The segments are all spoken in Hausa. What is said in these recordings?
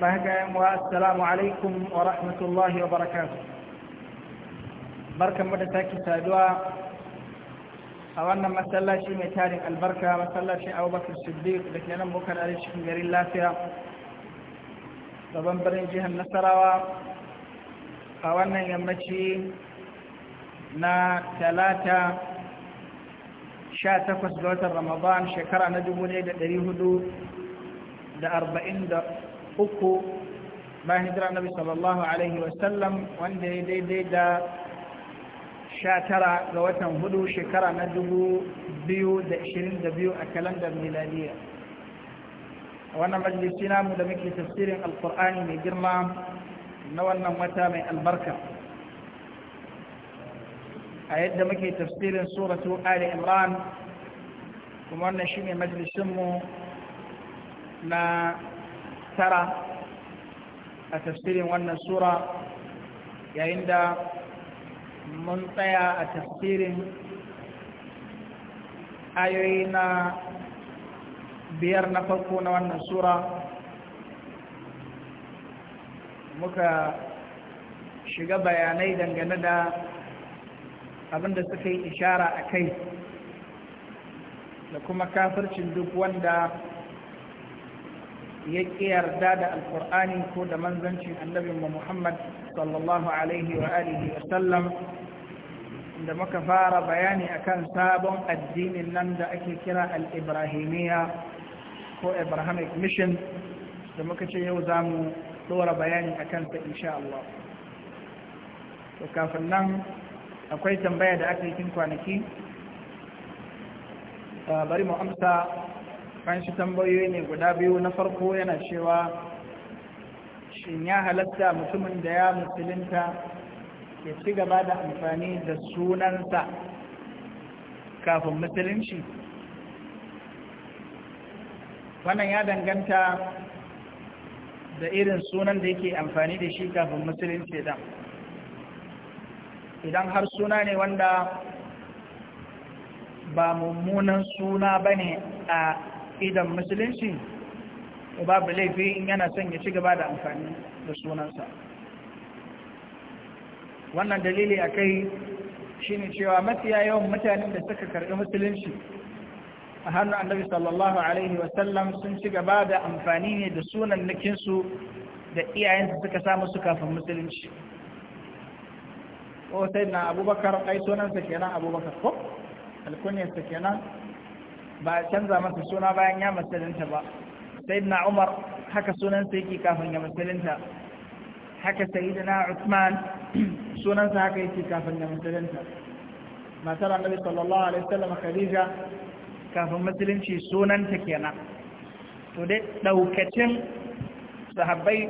bayan assalamu alaikum wa rahmatullahi wa barakatu Barka da sake saduwa a wannan masallaci mai tarin albarka masallacin abubakar siddiq da ke nan bukar ari cikin garin lafiya gaban birnin jihar nasarawa a wannan yammaci na talata sha takwas ga watan ramadan shekara na dubu da da ɗari hudu arba'in uku ba hijira nabi sallallahu alaihi wasallam wanda ya daidai da sha tara ga watan hudu shekara na dubu biyu da ishirin da biyu a kalandar miladiya wannan majalisi namu da muke tafsirin alkur'ani mai girma na wannan wata mai albarka a yadda muke tafsirin suratu ali imran kuma wannan shine majalisinmu na tara a tafsirin wannan sura yayin da mun tsaya a tafsirin ayoyi na biyar na farko na wannan sura muka shiga bayanai dangane da abin da suka yi ishara a kai da kuma kafircin duk wanda ya yarda da alkur'ani ko da manzancin annabin muhammad sallallahu alaihi wa alihi wa sallam da muka fara bayani akan sabon addinin nan da ake kira al ko abrahamic mission da muka ce yau za mu ɗora bayani akan ta insha Allah to kafin nan akwai tambaya da aka yi kwanaki ah, bari mu amsa shi tambayoyi ne guda biyu na farko yana cewa shin ya halatta mutumin da ya musulunta ya ci gaba da amfani da sunansa kafin musulunci wannan ya danganta da irin sunan da yake amfani da shi kafin musulunci da idan har suna ne wanda ba mummunan suna ba ne a aƙidan musulunci babu laifi in yana son ya ci gaba da amfani da sunansa wannan dalili a kai shi ne cewa mafiya yawan mutanen da suka karɓi musulunci a hannun annabi sallallahu alaihi wasallam sun ci gaba da amfani ne da sunan nukinsu da iyayensu suka samu su kafin musulunci ko sai na abubakar ai sunansa kenan abubakar ko alkunyarsa kenan ba a canza masa suna bayan ya musulunta ba na umar haka sunansa yake kafin ya musulunta haka sayyidina usman sunansa haka yake kafin ya musulunta matar annabi sallallahu alaihi wasallam khadija kafin musulunci sunanta kenan to dai daukacin sahabbai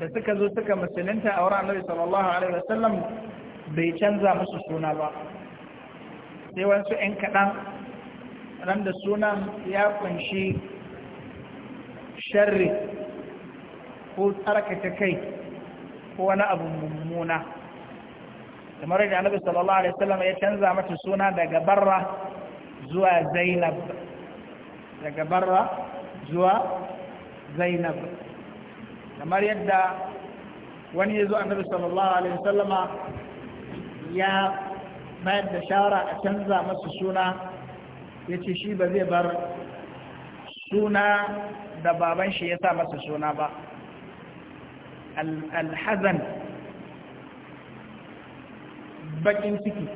da suka zo suka musulunta a wurin annabi sallallahu alaihi wasallam bai canza musu suna ba sai wasu 'yan kaɗan da sunan ya kunshi sharri ko tsarkake kai ko wani abu mummuna kamar da annabi sallallahu alaihi wasallam ya canza mata suna daga barra zuwa zainab daga barra zuwa zainab kamar yadda wani ya zo annabi sallallahu alaihi wasallama ya mayar da shara a canza masa suna ya ce shi ba zai bar suna da baban shi ya sa masa suna ba alhazan bakin ciki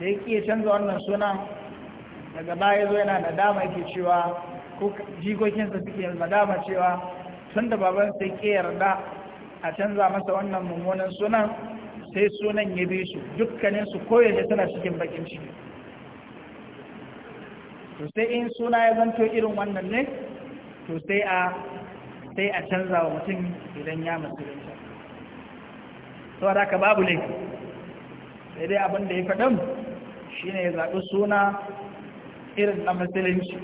da ya iya canza wannan suna daga baya zo yana da dama yake cewa ko jikokinsa suke dama cewa tun da baban sai ke yarda a canza masa wannan mummunan sunan sai sunan ya bi su dukkaninsu koyaushe suna cikin bakin ciki to sai in suna ya zanto irin wannan ne to sai a sai a canza wa mutum idan ya musulunta to da ka babu ne, sai dai abin da ya faɗin shi ne ya zaɓi suna irin na musulunci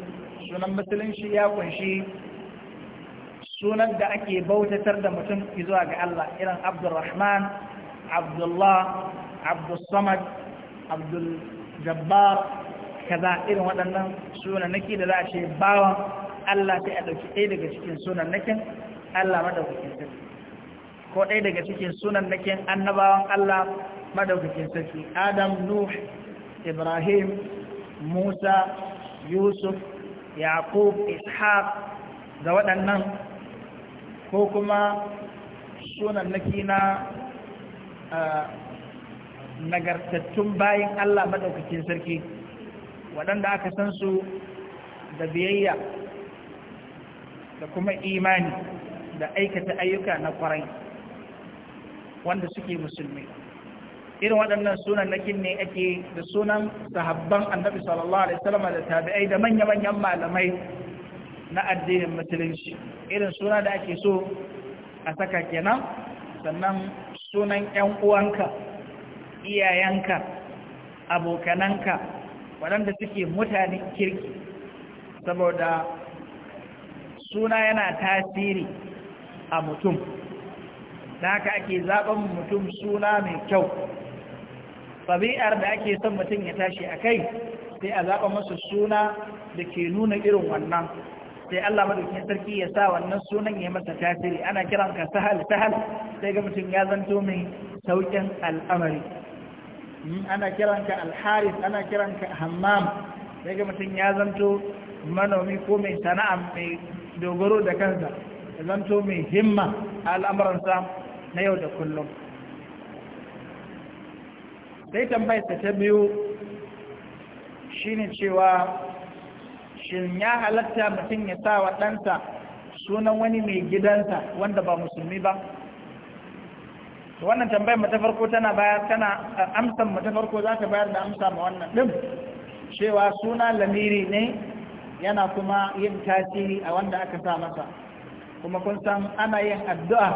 sunan musulunci ya kunshi sunan da ake bautatar da mutum zuwa ga Allah irin abdulrahman abdullah abdulsamad jabbar kaza irin waɗannan sunanaki da za a ce bawan Allah sai a ɗauki ɗaya daga cikin sunan nakin Allah madaukakin sarki ko ɗaya daga cikin sunan nakin annabawan Allah madaukakin sarki Adam Nuh Ibrahim Musa Yusuf Yaqub Ishaq da waɗannan ko kuma naki na ah, nagartattun bayan Allah madaukakin sarki waɗanda aka san su da biyayya da kuma imani da aikata ayyuka na kwarai wanda suke musulmi irin waɗannan sunan na ne ake da sunan sahabban annabi sallallahu alaihi wasallam da tabi'ai da manya-manyan malamai na addinin musulunci irin suna da ake so a saka kenan sannan sunan 'yan uwanka iyayenka abokananka waɗanda suke mutanen kirki saboda suna yana tasiri a mutum da haka ake zaɓen mutum suna mai kyau ɗabi'ar da ake son mutum ya tashi a kai sai a zaɓa masa suna da ke nuna irin wannan sai Allah madaukin sarki ya sa wannan sunan ya masa tasiri ana kiranka sahal sahal sai ga mutum ya zanto mai sauƙin al'amari Hmm? ana kiranka alharis ana kiranka hammam ga mutum ya zanto manomi ko mai sana'a mai dogaro da kansa ya zanto mai himma a al'amuransa na yau da kullum sai tambayarsa ta biyu shine cewa shin ya halatta mutum ya sa wa ɗansa sunan wani mai gidansa wanda ba musulmi ba to wannan tambayar mu ta farko tana bayar tana amsan mu ta farko za ta bayar da amsa ma wannan din cewa suna lamiri ne yana kuma yin tasiri a wanda aka sa masa kuma kun san ana yin addu'a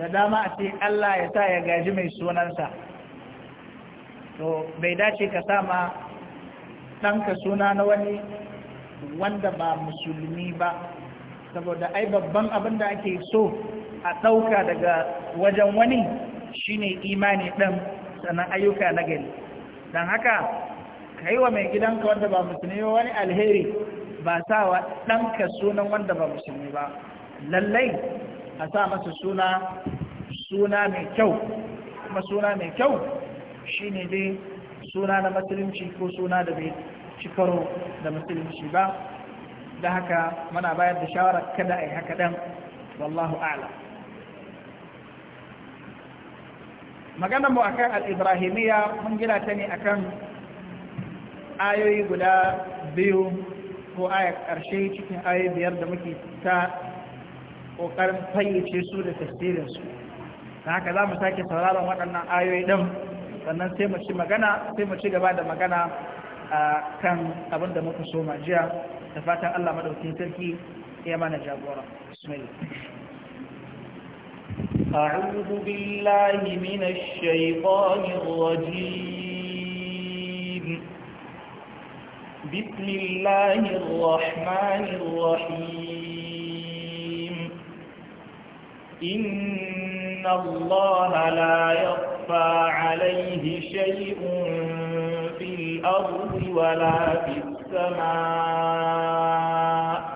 da dama a ce Allah ya sa ya gaji mai sunansa to bai dace ka sa ma ɗanka suna na wani wanda ba musulmi ba saboda ai babban abin da ake so a ɗauka daga wajen wani Shi shine imani ɗin sannan ayyuka na gari don haka ka yi wa mai gidanka wanda ba musulmi ba wani alheri ba sa wa ɗanka sunan wanda ba musulmi ba lallai a sa masa suna suna mai kyau kuma suna mai kyau shi ne dai suna na musulunci ko suna da bai ci da musulunci ba da haka muna bayar da shawarar kada a yi haka ɗan wallahu a'lam maganar mu akan al-ibrahimiyya mun gina ta ne akan ayoyi guda biyu ko aya ƙarshe cikin ayoyi biyar da muke ta ƙoƙarin fayyace su da tasirin su ta haka za mu sake sauraron waɗannan ayoyi ɗin sannan sai mu ci magana sai mu ci gaba da magana a kan abin da muka so jiya da fatan Allah madaukakin sarki ya mana jagora bismillah أعوذ بالله من الشيطان الرجيم بسم الله الرحمن الرحيم إن الله لا يخفى عليه شيء في الأرض ولا في السماء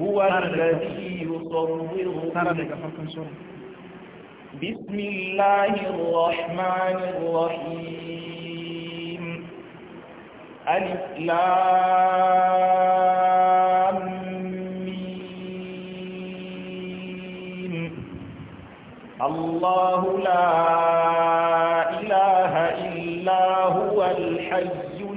هو الذي يصوركم بسم الله الرحمن الرحيم ألف لام الله لا إله إلا هو الحي القيوم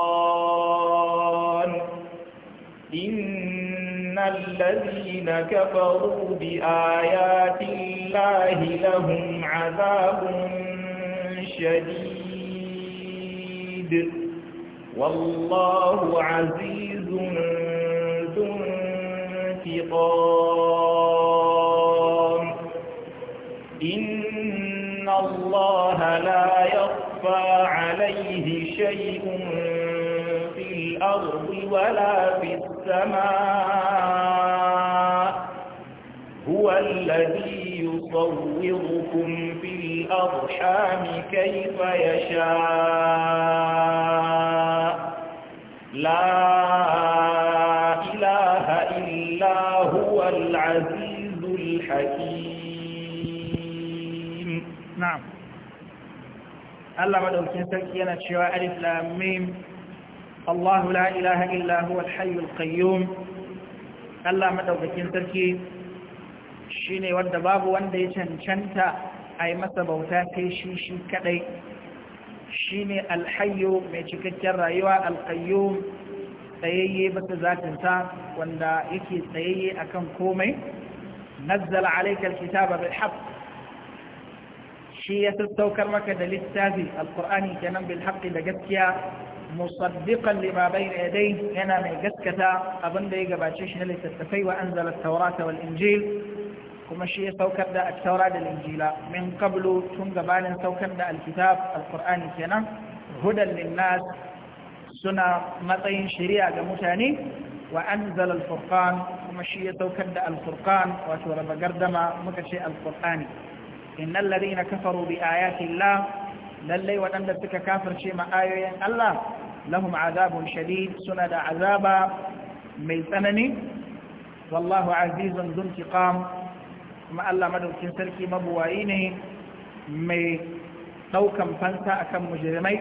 الذين كفروا بآيات الله لهم عذاب شديد والله عزيز ذو انتقام إن الله لا يخفى عليه شيء الأرض ولا في السماء هو الذي يصوركم في الأرحام كيف يشاء لا إله إلا هو العزيز الحكيم نعم الله مدعوكين سلكي أنا شواء ألف لاميم الله لا إله إلا هو الحي القيوم Allah madaukakin sarki shine wanda babu wanda ya cancanta a yi masa bauta kai shi shi kadai shine mai cikakken rayuwa alqayyum tsayayye bata zatinta wanda yake tsayayye akan komai nazzala alayka alkitaba bilhaq shi ya sassaukar maka da littafi alqur'ani kenan bilhaq da gaskiya مصدقا لما بين يديه هنا من جسكتا أظن دي قباتشيش هل تستفي وأنزل التوراة والإنجيل كما شيء سوكر دا التوراة والإنجيل من قبل تنقبال سوكر دا الكتاب القرآن كنا هدى للناس سنة مطين شريعة متاني وأنزل الفرقان كما شيء سوكر دا الفرقان وتورب قردما مكشي القرآن إن الذين كفروا بآيات الله lallai waɗanda suka kafirce ma ayoyin Allah lahum azabun shadid suna da azaba mai tsanani wallahu azizun zuntiqam kuma Allah madaukin sarki mabuwayi ne mai daukan fansa akan mujrimai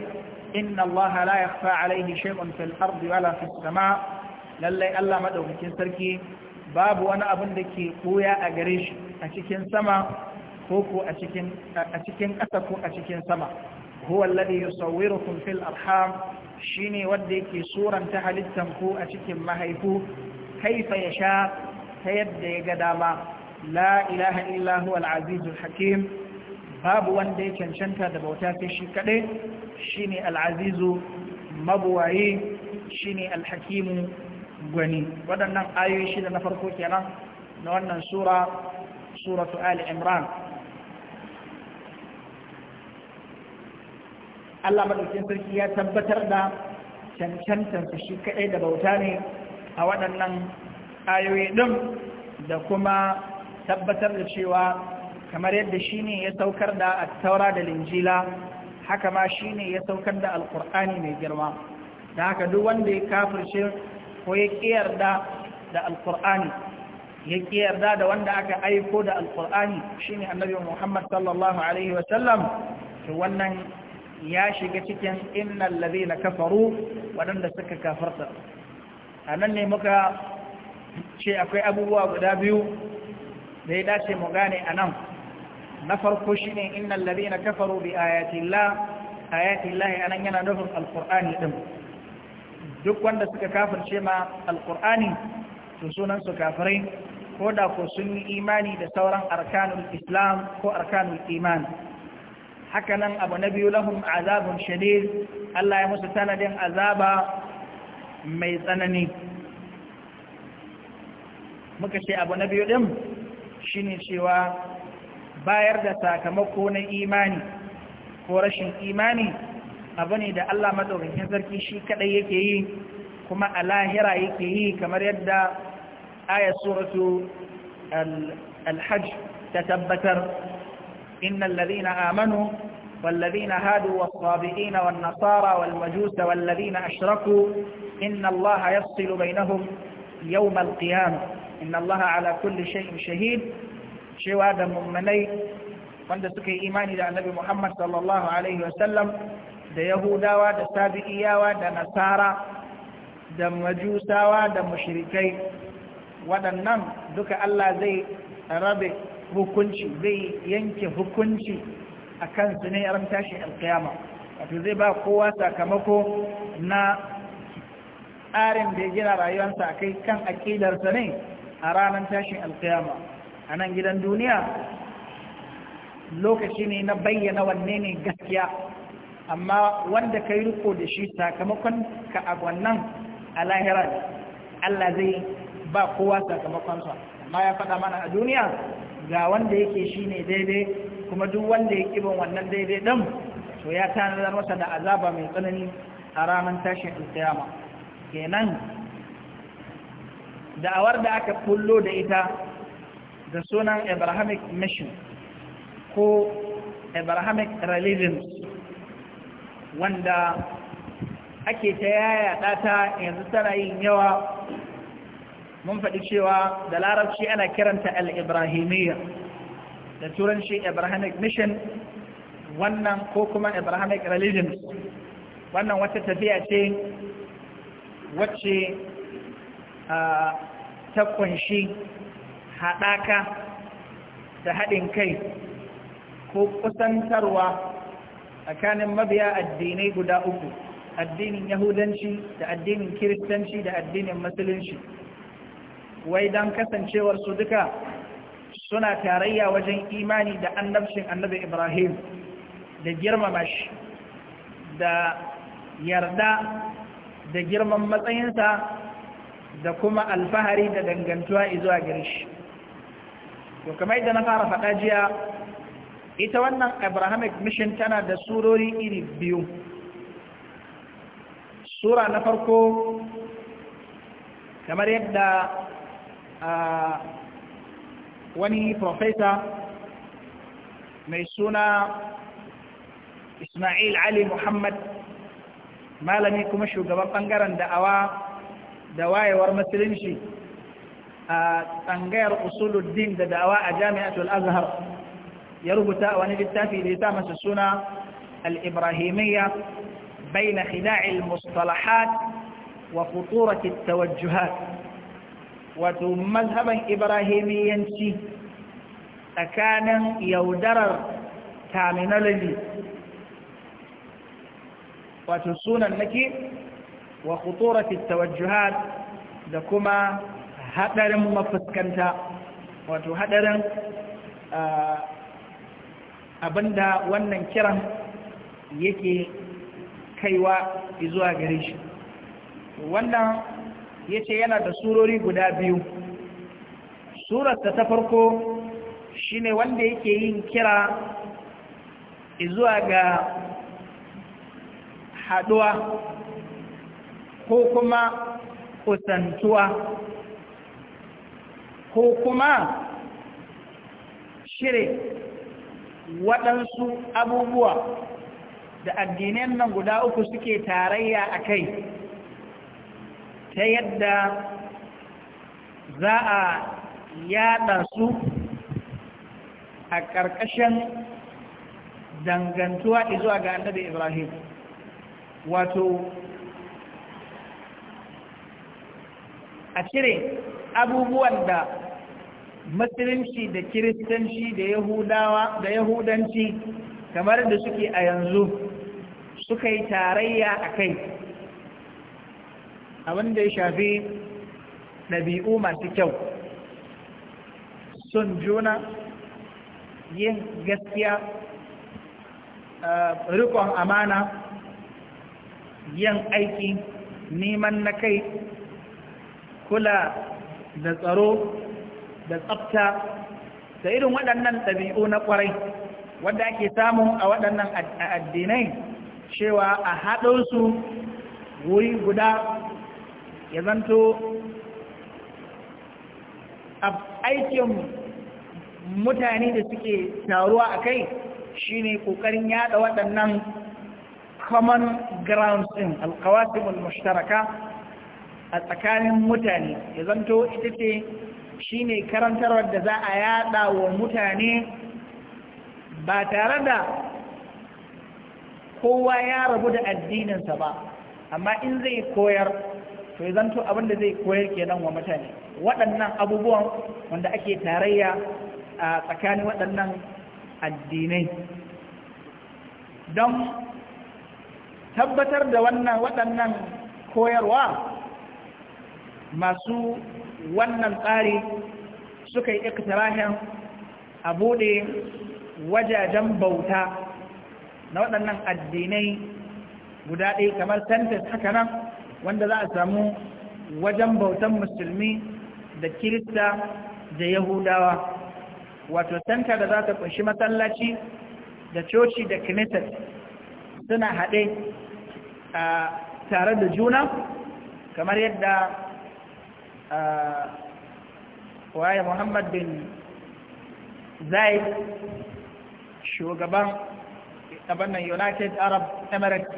inna Allah la yakhfa alayhi shay'un fil ardi wala fis sama lalle Allah madaukin sarki babu wani abin da ke koya a gare shi a cikin sama ko ko a cikin ƙasa ko a cikin sama huwa alladhi yusawwirukum fil arham shine wanda yake suranta halittan ku a cikin mahaifu kaifa ya sha ta yadda ya ga dama la ilaha illa huwa hakim babu wanda ya cancanta da bauta sai shi shine alazizu mabuwaye shine alhakimu gwani waɗannan ayoyi shida na farko kenan na wannan sura suratu ali imran Allah madaukin sarki ya tabbatar da cancantansu shi kaɗai da bauta ne a waɗannan ayoyi ɗin da kuma tabbatar da cewa kamar yadda shi ne ya saukar da taura da linjila haka ma shi ne ya saukar da Alƙur'ani mai girma da haka duk wanda ya kafirce ko ya ƙiyarda da Alƙur'ani ya ƙiyarda da wanda aka aiko da alkur'ani shi ne annabi muhammad sallallahu alaihi wasallam to wannan ya shiga cikin innal na kafaru waɗanda suka kafarta nan ne muka ce akwai abubuwa guda biyu da ya dace mu gane anan na farko innan innal na kafaru bi ayatillah ayatillahi anan yana nufin alqur'ani ɗin. duk wanda suka kafarce ma alkur'ani to sunan su kafirai ko da ko sun yi imani da sauran arkanul islam ko arkanul iman haka nan abu na biyu lahum azabun shadid Allah ya musu sanadin azaba mai tsanani muka ce abu na biyu din shine cewa bayar da sakamako na imani ko rashin imani abu ne da Allah madaukakin sarki shi kadai yake yi kuma a lahira yake yi kamar yadda ayat suratu al-hajj ta tabbatar إن الذين آمنوا والذين هادوا والصابئين والنصارى والمجوس والذين أشركوا إن الله يفصل بينهم يوم القيامة إن الله على كل شيء شهيد شوى دم مني وند سكي إيماني دا النبي محمد صلى الله عليه وسلم دا يهوداوا دا سابئياوا دا نصارى دا مجوساوا دا مشركي ودنم دك الله زي ربي hukunci zai yanke hukunci a kansu ne a tashin alkiyama wato zai ba kowa sakamako na tsarin da ya gina rayuwarsa a kai kan aƙidarsa ne a ranar tashin alkiyama a nan gidan duniya lokaci ne na bayyana wanne ne gaskiya amma wanda ka yi riko da shi sakamakon ka a wannan a Allah zai ba kowa sakamakonsa amma ya faɗa mana a duniya ga wanda yake ne daidai kuma duk wanda ya kibin wannan daidai ɗan to ya tanadar masa da azaba mai tsanani a ranar tashin alkiyama kenan da'awar da aka kullo da ita da sunan abrahamic mission ko abrahamic religion wanda ake ta yaya ɗata yanzu tana yin yawa mun faɗi cewa da larabci ana kiranta al-ibrahimiyya da turanci abrahamic mission wannan ko kuma abrahamic religion wannan wata tafiya ce wacce ta kunshi haɗaka da haɗin kai ko kusantarwa tsakanin mabiya addinai guda uku addinin yahudanci da addinin kiristanci da addinin musulunci wai don kasancewar su duka suna tarayya wajen imani da annabcin annabi ibrahim da girmama shi da yarda da girman matsayinsa da kuma alfahari da dangantuwa izuwa gare shi to kamar yadda na fara faɗa jiya ita wannan abrahamic mission tana da surori iri biyu sura na farko kamar yadda wani profesa mai suna Ismail Ali Muhammad malami kuma shugaban bangaren da'awa da wayewar musulunci a tsangayar usuluddin da da'awa a jami'atul azhar ya rubuta wani littafi da ya sa masa suna al-ibrahimiyya baina khila'il mustalahat wa futurati tawajjuhat wato mazhaban ibrahimiyanci tsakanin yaudarar terminology wato sunan nake wa khuturati tawajjuhat da kuma hadarin mafuskanta wato hadarin ah, abinda wannan kiran yake kaiwa zuwa gare shi wannan ya ce yana da surori guda biyu surarsa ta farko shi ne wanda yake yin kira zuwa ga haɗuwa ko kuma kusantuwa ko kuma shire waɗansu abubuwa da addinan nan guda uku suke tarayya a kai ta yadda za a yada su a ƙarƙashin dangantuwa izuwa ga annabi ibrahim wato a cire abubuwan da musulunci da kiristanci da yahudawa da yahudanci kamar da suke a yanzu suka yi tarayya a kai abin da ya shafi ɗabi'u masu kyau sun juna yin gaskiya eh, rikon amana yin aiki neman na kai kula da tsaro da tsafta da irin waɗannan ɗabi'u na ƙwarai wadda ake samu a waɗannan addinai cewa a haɗo su wuri guda ya zanto aikin mutane da suke taruwa a kai shi ne ƙoƙarin yada waɗannan common grounds ɗin alkawasimul mushtaraka a tsakanin mutane ya zanto ita ce shi ne karantarwar da za a yada wa mutane ba tare da kowa ya rabu da addininsa ba amma in zai koyar to ya zanto abin da zai koyar kenan wa mutane waɗannan abubuwan wanda ake tarayya a tsakanin waɗannan addinai don tabbatar da wannan waɗannan koyarwa masu wannan tsari suka yi ikitarahin a buɗe wajajen bauta na waɗannan addinai guda ɗaya kamar tantas haka nan wanda za a samu wajen bautan musulmi da kirista da yahudawa wato tanka da za ta kunshi masallaci da coci da kinitat suna haɗe a tare da juna kamar yadda waye muhammad bin zaid shugaban abannan united arab emirates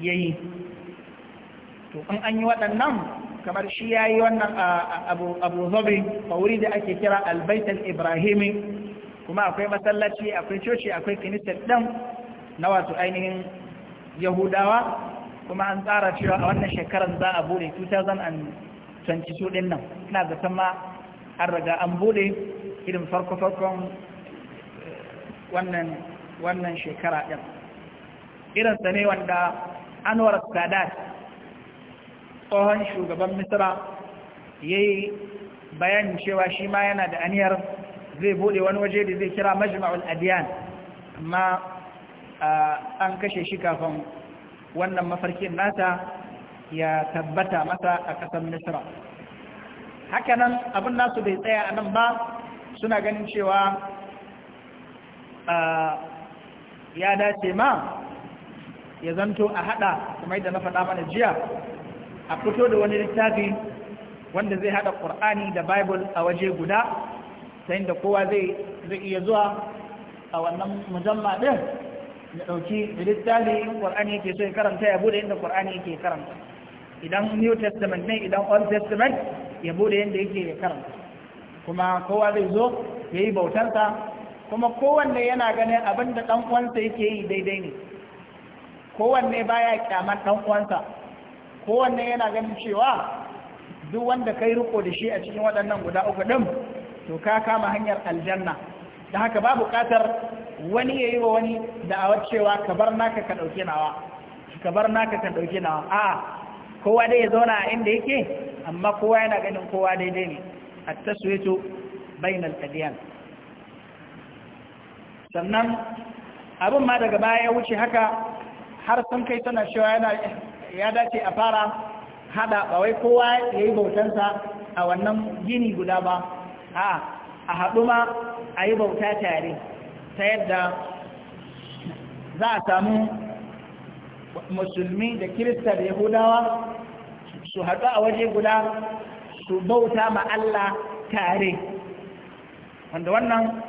yayi to in an yi waɗannan kamar shi ya yi wannan abu zobe a wuri da ake kira albaitan ibrahimi kuma akwai masallaci akwai coci akwai kinistar ɗan na wato ainihin yahudawa kuma an tsara cewa a wannan shekarar za a bude 2022 ɗin nan ina zaton ma an raga an bude irin farko-farkon eh, wannan shekara ɗin irinsa ne wanda anwar sadat tsohon shugaban Misira ya yi bayanin cewa shi ma yana da aniyar zai bude wani waje da zai kira majma'ul adiyan amma an kashe shi kafin wannan mafarkin nata ya tabbata masa a ƙasar misra hakanan abin nasu bai tsaya a nan ba suna ganin cewa ya dace ma ya zanto a hada kuma yadda na faɗa mana jiya a fito da wani littafi wanda zai hada ƙur'ani da bible a waje guda ta da kowa zai iya zuwa a wannan mujamma din da ɗauki littafi ƙur'ani yake so ya karanta ya bude inda ƙur'ani yake karanta idan new testament ne idan old testament ya bude yadda yake ya karanta kuma kowa zai zo ya yi bautarsa kuma kowanne yana ganin abin da ɗan uwansa yake yi daidai ne kowanne baya kyamar ɗan uwansa kowanne yana ganin cewa duk wanda kai riko da shi a cikin waɗannan guda uku ɗin to ka kama hanyar aljanna da haka babu buƙatar wani ya yi wa wani da'awar cewa ka bar naka ka ɗauke nawa ka bar naka ka ɗauke nawa a kowa dai ya zauna a inda yake amma kowa yana ganin kowa daidai ne a taswito bainal adiyan sannan abin ma daga baya ya wuce haka har sun kai tana cewa yana ya dace a fara hada ba wai kowa ya yi bautansa a wannan gini guda ba a a haɗu ma a yi bauta tare ta yadda za a samu musulmi da kirista da yahudawa su haɗu a waje guda su bauta ma Allah tare wanda wannan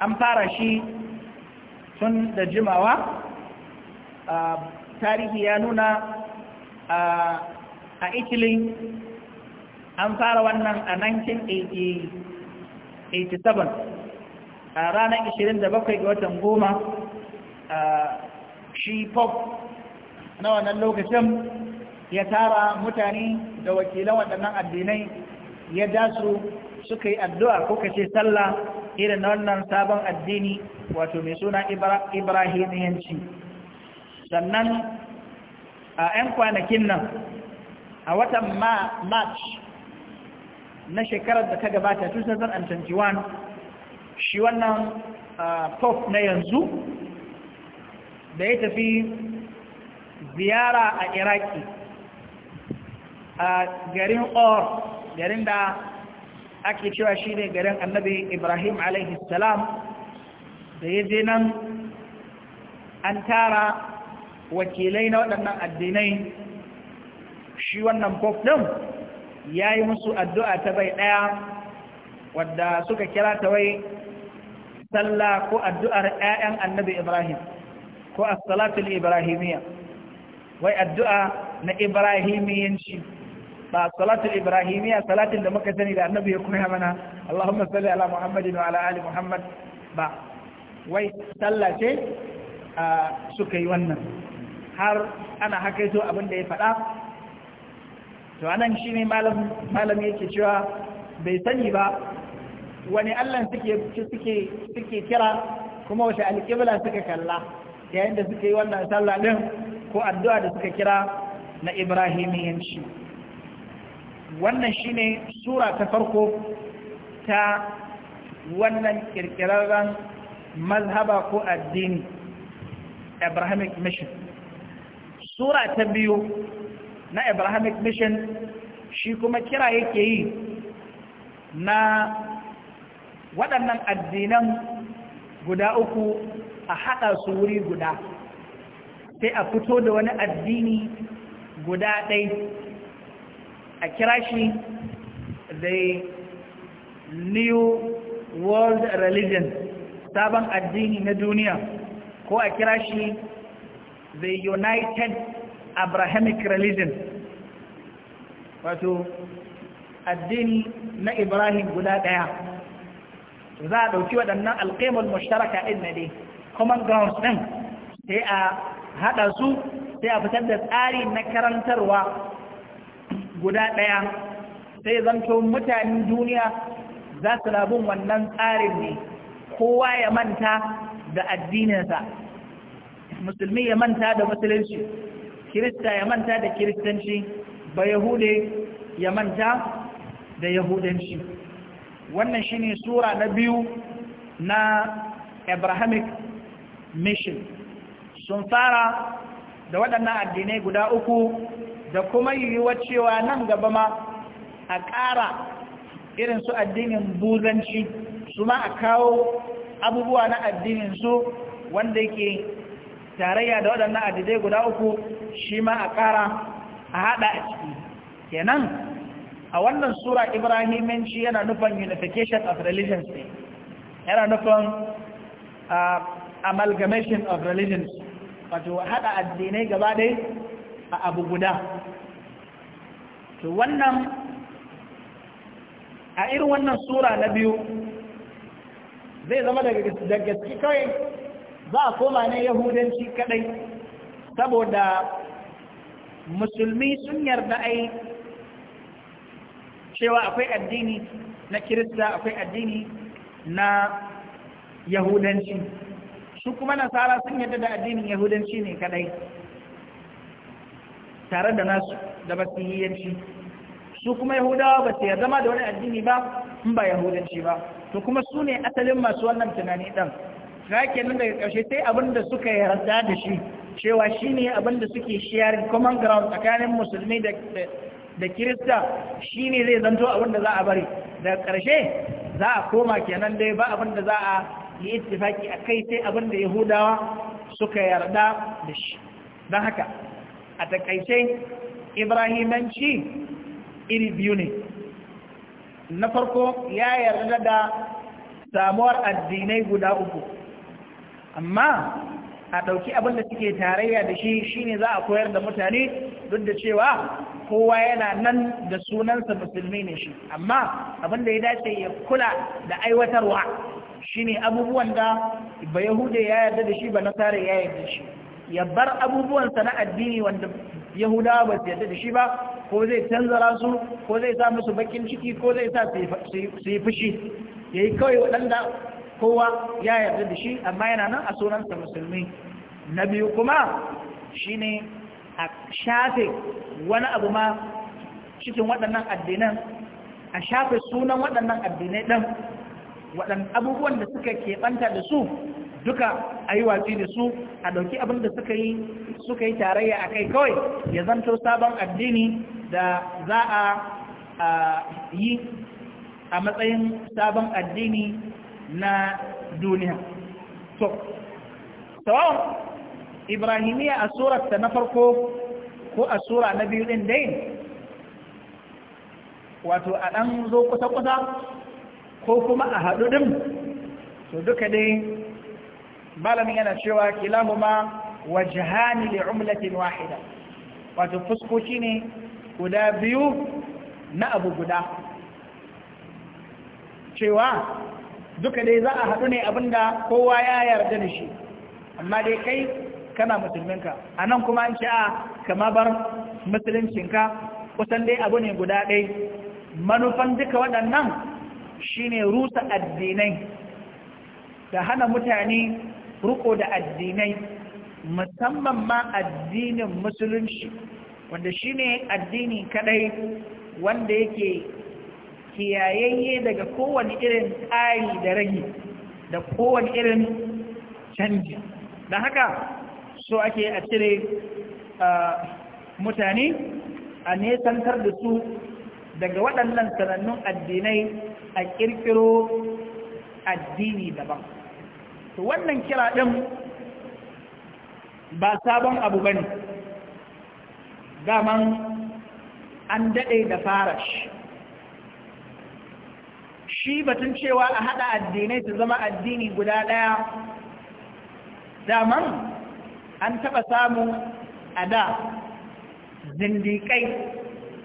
an fara shi tun da jimawa tarihi ya nuna a italy an fara wannan a 1987 a ranar 27 ga watan goma shi pop na wannan lokacin ya tara mutane da wakilan waɗannan addinai ya dasu suka yi addu'a ko kace sallah irin wannan sabon addini wato mai suna ibrahimiyanci sannan a 'yan kwanakin nan a watan march na shekarar da ta gabata 2021 shi wannan pop na yanzu da ya tafi ziyara a iraki a garin or garin da ake cewa shi ne garin annabi ibrahim a.s. da ya je nan an tara wakilai na waɗannan addinai shi wannan pope ɗin ya yi musu addu'a ta bai ɗaya wadda suka kira ta wai sallah ko addu'ar ‘ya'yan annabi Ibrahim ko a salatul Ibrahimiyya wai addu'a na Ibrahimiyanci ba salatul Ibrahimiyya salatin da muka sani da annabi ya koya mana Allahumma salli ala Muhammadin wa ala Ali Muhammad ba wai sallah ce suka yi wannan har ana hakaito abin da ya faɗa to anan shi ne malam yake cewa bai sani ba wani allan suke kira kuma wasu alƙibla suka kalla yayin da suka yi wannan sallah ɗin ko addu'a da suka kira na ibrahimiyanci wannan shi ne sura ta farko ta wannan ƙirƙirarren mazhaba ko addini abrahamic mission sura ta biyu na abrahamic mission shi kuma kira yake yi na waɗannan addinan guda uku a haɗa su wuri guda sai a fito da wani addini guda ɗai a kira shi the new world religion sabon addini na duniya ko a kira shi the united abrahamic religion wato addini na ibrahim guda daya za a ɗauki waɗannan alƙaimul mashtaraka ɗin na dai common grounds ɗin sai a haɗa su sai a fitar da tsari na karantarwa guda ɗaya sai zanto mutanen duniya za su labin wannan tsarin ne kowa ya manta da addininsa musulmi ya manta da musulunci kirista ya manta da kiristanci ba yahude ya manta da yahudanci wannan shine sura na biyu na abrahamic mission sun fara da waɗannan addinai guda uku da kuma yiwuwar cewa nan gaba ma a ƙara irin su addinin buzanci su ma a kawo abubuwa na addinin su wanda yake tarayya da waɗannan adidai guda uku shi ma a ƙara a haɗa a ciki kenan a wannan sura ibrahiminci yana nufin unification of religions ne yana nufin amalgamation of religions wato haɗa addinai gaba ɗai a abu guda to wannan a irin wannan sura na biyu zai zama daga gaske kawai za a koma ne yahudanci kadai saboda musulmi sun yarda ai cewa akwai addini na kirista akwai addini na yahudanci su kuma nasara sun yarda da addinin yahudanci ne kadai tare da nasu da basiyanci su kuma yahudawa ba su yarda ma da wani addini ba in ba yahudanci ba to kuma su ne asalin masu wannan tunani ɗan za ke nan daga ƙarshe sai abin da suka yarda da shi cewa shi ne abin da suke sharing common ground tsakanin musulmi da kirista shi ne zai zanto abin da za a bari daga ƙarshe za a koma kenan dai ba abin da za a yi ittifaki a kai sai abin da yahudawa suka yarda da shi don haka a takaice ibrahimanci iri biyu ne na farko ya yarda da samuwar addinai guda uku amma a ɗauki abin da suke tarayya da shi shi ne za a koyar da mutane duk da cewa kowa yana nan da sunansa musulmi ne shi amma abin da ya dace ya kula da aiwatarwa shi ne abubuwan da ba Yahuda ya yarda da shi ba nasara ya yarda shi ya bar abubuwansa na addini wanda yahudawa ba su yarda da shi ba ko zai canzara su ko zai sa musu bakin ciki ko zai sa su yi fushi ya yi kawai waɗanda kowa ya yarda da shi amma yana nan a sunansa musulmi na biyu kuma shine a shafe wani abu ma cikin waɗannan addinan a shafe sunan waɗannan addinai ɗan, waɗannan abubuwan da suka keɓanta da su duka a yi watsi da su a ɗauki abin da suka yi suka yi tarayya a kai kawai ya zanto sabon addini da za a yi a matsayin sabon addini na duniya to tawon ibrahimiya a surarta na farko ko a sura na biyu ɗin dai wato a ɗan zo kusa-kusa ko kuma a haɗu ɗin to duka dai malamin yana cewa kilahuma wajhani li umlatin wahida wato fuskoki ne guda biyu na abu guda cewa duka dai za a haɗu ne abinda kowa ya yarda da shi amma dai kai kana musulminka a nan kuma an ce a kama bar musuluncinka kusan dai abu ne guda ɗai manufan duka waɗannan shine rusa addinai da hana mutane ruko da addinai musamman ma addinin musulunci wanda shine addini kaɗai wanda yake kiyayayye daga kowane irin tsari da rage da kowane irin canji da haka so ake a cire mutane a nesantar da su daga waɗannan sanannun addinai a ƙirƙiro addini daban to wannan kira ɗin ba sabon abu ba ne daman an daɗe da fara shi shi batun cewa a haɗa addinai su zama addini guda ɗaya daman an taɓa samu a da zindiƙai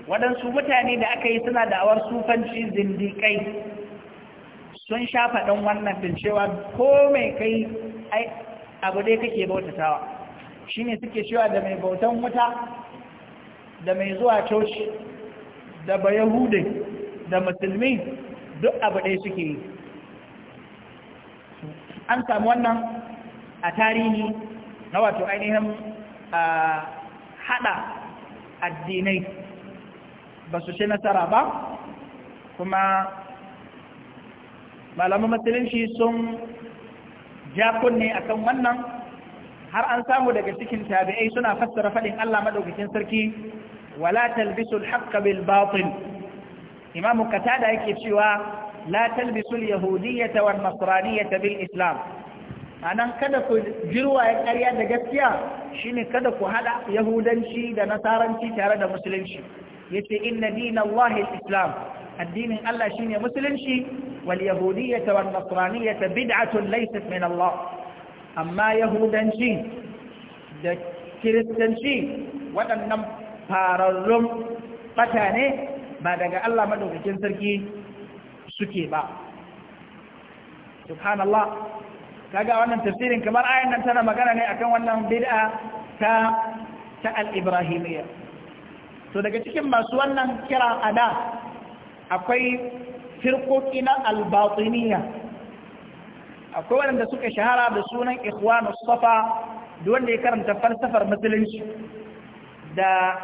waɗansu mutane da aka yi suna da da'awar sufanci zindiƙai sun sha faɗin wannan fin cewa ko mai kai abu dai kake bautatawa shi ne suke cewa da mai bautan wuta da mai zuwa coci da bayahude da musulmi duk abu ɗaya suke yi an samu wannan a tarihi na wato ainihin haɗa addinai ba su ce nasara ba kuma malaman musulunci sun jakunne a akan wannan har an samu daga cikin tabi'ai suna fassara faɗin Allah maɗaukakin sarki wala talbisul haqqa bil batil imamu katada yake cewa la talbisul yahudiyyata wal nasraniyyata bil islam anan kada ku jirwa ya ƙarya da gaskiya shine kada ku hada yahudanci da nasaranci tare da musulunci yace inna dinallahi al-islam addinin Allah shine musulunci wal yahudiyyata ta nasraniyyata bid'atun laysat min Allah amma yahudanci da kiristanci waɗannan fararrun bata ne ba daga Allah madaukakin sarki suke ba subhanallah kaga wannan tafsirin kamar ayan nan tana magana ne akan wannan bid'a ta ta al-ibrahimiyya to daga cikin masu wannan kira ada akwai firkoki na al-batiniyya akwai wanda suka shahara da sunan Ikhwan safa duk wanda ya karanta falsafar musulunci da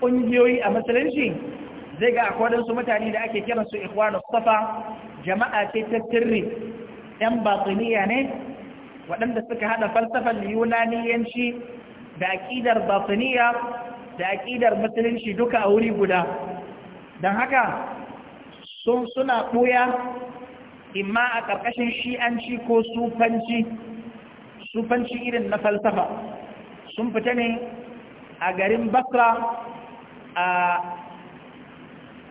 ƙungiyoyi a musulunci zai ga akwai su mutane da ake kiran su ikhwanu safa jama'a ce ta tirri ɗan Batsuniya ne waɗanda suka haɗa falsafan yunaniyanci da aƙidar Batsuniya da aƙidar musulunci duka a wuri guda don haka sun suna ɓuya imma a ƙarƙashin shi'anci ko sufanci sufanci irin na falsafa sun fita ne a garin basra a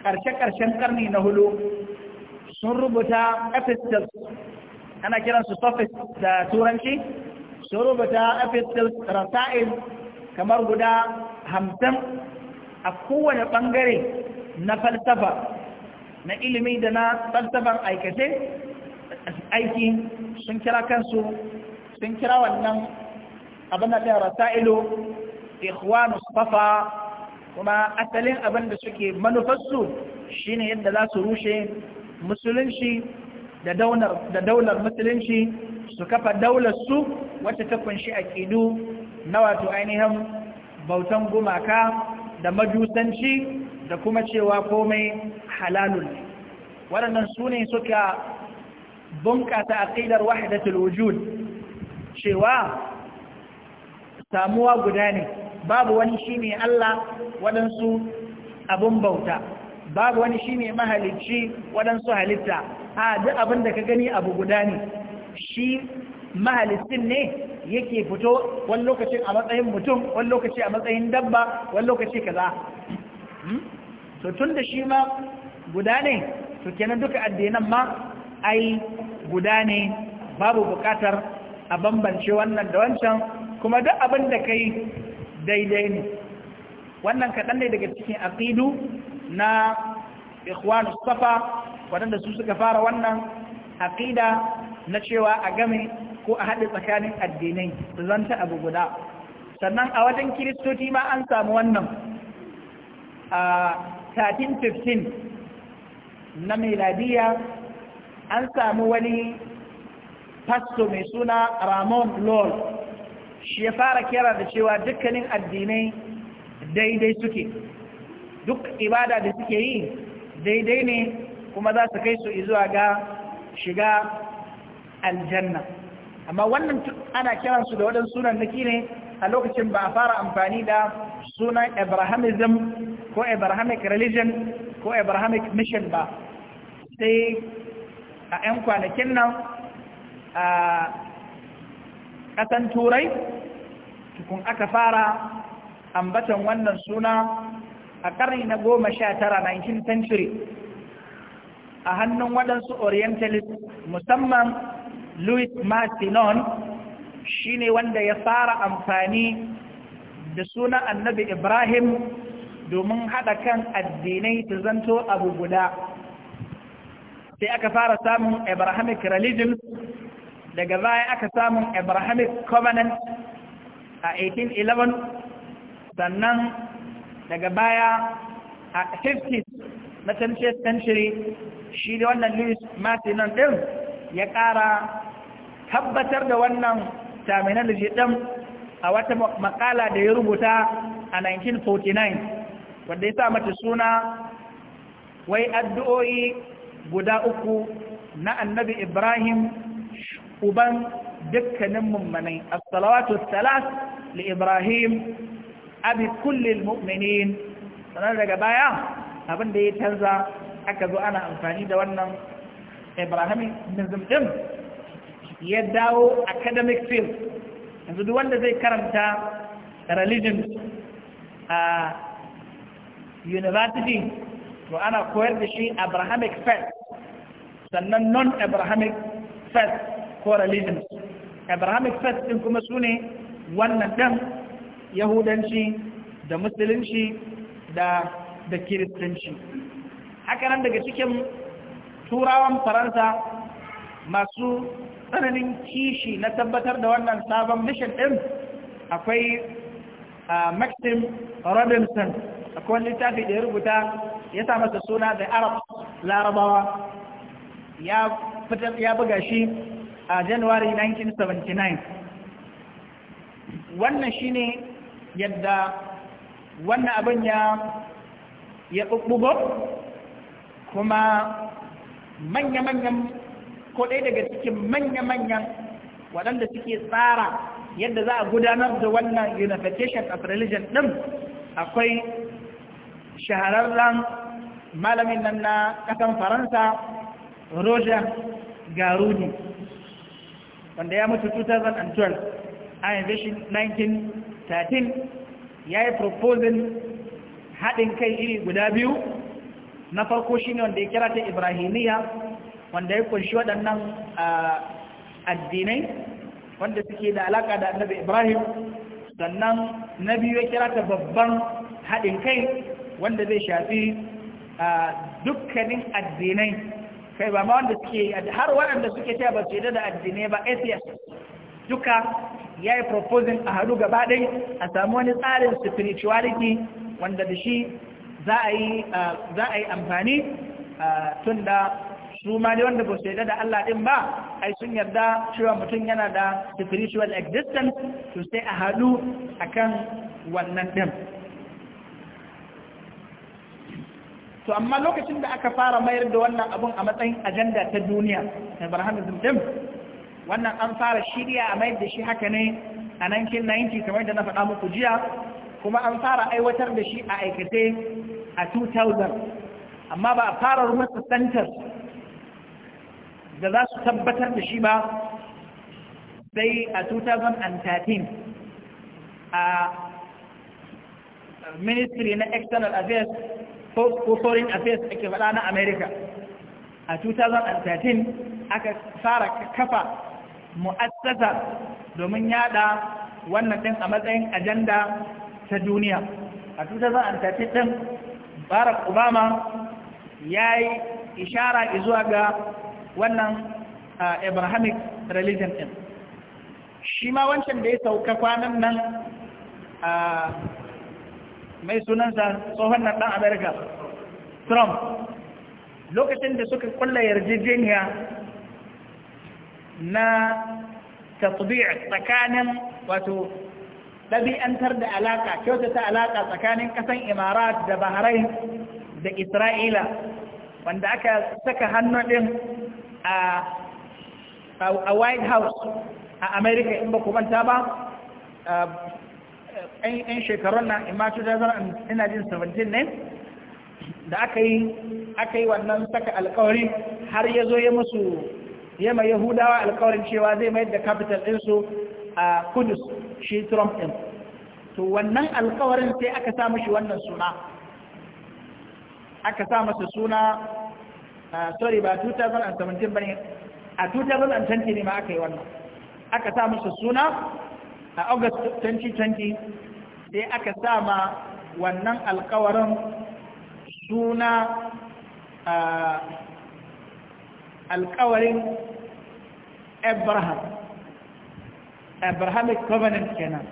ƙarshe-ƙarshen ƙarni na hulu sun rubuta epistles ana kiransu sophist da turanci sun rubuta epistles rasa'il kamar guda hamsin a kowane ɓangare na falsafa na ilimi da na falsafar aikace aiki sun kira kansu sun kira wannan abin da ɗaya rasa'ilu ikhwanu safa kuma asalin abin da suke manufarsu shine yadda za su rushe musulunci da daular musulunci su kafa su wacce ta kunshi aƙidu na wato ainihin bautan gumaka da majusanci da kuma cewa komai halalun waɗannan su ne suka bunƙasa aƙidar wahdatul wujud cewa samuwa guda ne babu wani shi ne Allah waɗansu abin bauta babu wani shi ne mahalicci waɗansu halitta a duk abin da ka gani abu guda ne shi mahalicin ne yake fito wani lokacin a matsayin mutum wani lokaci a matsayin dabba wani lokaci kaza hmm? to tun da shi ma guda ne to kenan duka addinan ma ai guda ne babu bukatar a bambance wannan da wancan kuma duk abin da kai daidai ne wannan kaɗan ne daga cikin aqidu na ikhwanu safa waɗanda su suka fara wannan aqida na cewa a game ko a haɗe tsakanin addinai su zanta abu guda sannan a wajen kiristoci ma an samu wannan a 1315 na meladiya an samu wani pasto mai suna ramon lord shi ya fara kera da cewa dukkanin addinai daidai suke duk ibada da suke yi daidai ne kuma za su kai su izuwa ga shiga aljanna amma wannan ana kiran su da waɗansu sunan naki ne a lokacin ba a fara amfani da sunan abrahamism ko abrahamic religion ko abrahamic mission ba sai a 'yan kwanakin nan ƙasan turai tukun aka fara ambatan wannan suna a ƙarni na goma sha tara 19th century a hannun waɗansu orientalist musamman louis martinon shi ne wanda ya fara amfani da suna annabi ibrahim domin haɗa kan addinai ta zanto abu guda sai aka fara samun abrahamic religion. daga baya aka samu abrahamic covenant a 1811 sannan daga baya a 50s na 10th century shi da wannan louis martinon ɗin ya ƙara tabbatar da wannan terminology ɗin a wata makala da ya rubuta a 1949 wadda ya sa mata suna wai addu'o'i guda uku na annabi ibrahim uban dukkanin mummanai as-salawatu salas li ibrahim abi kulli muminin daga baya abin da ya canza aka zo ana amfani da wannan ibrahimism din ya dawo academic field yanzu duk wanda zai karanta religion a university to ana koyar da shi abrahamic faith sannan non-abrahamic faith pluralism abrahamic faith din kuma sune wannan ɗan yahudanci da musulunci da da kiristanci haka nan daga cikin turawan faransa masu tsananin kishi na tabbatar da wannan sabon mission ɗin akwai maxim robinson akwai littafi da ya rubuta ya sa masa suna da arab larabawa ya buga shi a january 1979 wannan shi ne yadda wannan abin ya ya ɓuɓɓugo kuma manya-manyan ko ɗaya daga cikin manya-manyan waɗanda suke tsara yadda za a gudanar da wannan unification of religion ɗin akwai shahararren malamin nan na ƙasan faransa roger garudi wanda ya mutu 2012 a invasion 1913 ya yi proposal haɗin kai iri guda biyu na farko shi ne wanda ya kira ta ibrahimiyya wanda ya kunshi waɗannan addinai wanda suke da alaƙa da annabi ibrahim sannan na biyu ya kira ta babban haɗin kai wanda zai shafi dukkanin addinai kai ba ma wanda suke har waɗanda suke cewa ba su da addinai ba atheist duka ya yi proposing a haɗu gaba ɗai a samu wani tsarin spirituality wanda da shi za a yi amfani tun da su ma ne wanda ba su da Allah ɗin ba ai sun yarda cewa mutum yana da spiritual existence to sai a haɗu akan wannan ɗin to amma lokacin da aka fara mayar da wannan abun a matsayin ajanda ta duniya na barhanu zimtim wannan an fara shirya a mayar da shi haka ne a 1990 kamar da na faɗa muku jiya kuma an fara aiwatar da shi a aikate a 2000 amma ba a fara rumasta centers da za su tabbatar da shi ba sai a 2013 a ministry na external affairs ko foreign affairs ake faɗa na america a 2013 aka fara kafa mu'assasa domin yada wannan ɗin a matsayin ajanda ta duniya a 2013 ɗin barack obama ya yi ishara zuwa ga wannan abrahamic religion ɗin shi ma wancan da ya sauka kwanan nan mai sunansa tsohon na ɗan amerika trump lokacin da suka kulla yarjejeniya na tatbi'a tsakanin wato ɗabi'antar da alaƙa kyautata alaƙa tsakanin ƙasan imarat da bahrain da isra'ila wanda aka saka hannu ɗin a white house a america in ba kumanta manta ba 'yan shekarun nan in ma 2000 ina jin 17 ne da aka yi aka yi wannan saka alkawari har ya zo ya musu ya mai yahudawa alkawarin cewa zai mayar da capital ɗinsu a kudus shi trump ɗin to wannan alkawarin sai aka sa mashi wannan suna aka sa masa suna sorry ba 2017 ba ne a 2020 ne ma aka yi wannan aka sa masa suna a august 2020 sai aka sama wannan alkawarin suna alkawarin abraham abrahamic covenant kenan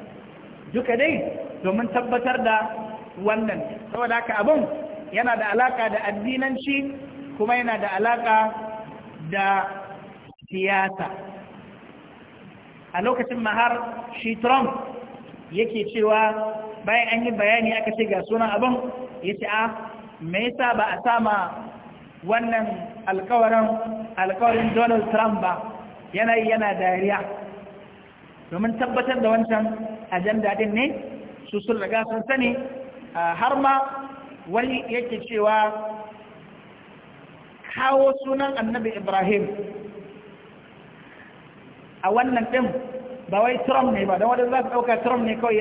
duka dai domin tabbatar da wannan saboda haka abin yana da alaka da addinanci kuma yana da alaka da siyasa a lokacin mahar shi trump yake cewa bayan an yi bayani aka ce ga sunan abin ya ce a me yasa ba a sama wannan alkawarin alkawarin donald trump ba yanayi yana dariya domin tabbatar da wancan ajanda din ne su sun riga sun sani har ma wani yake cewa kawo sunan annabi ibrahim a wannan ɗin ba wai trump ne ba don wadda za su ɗauka trump ne kawai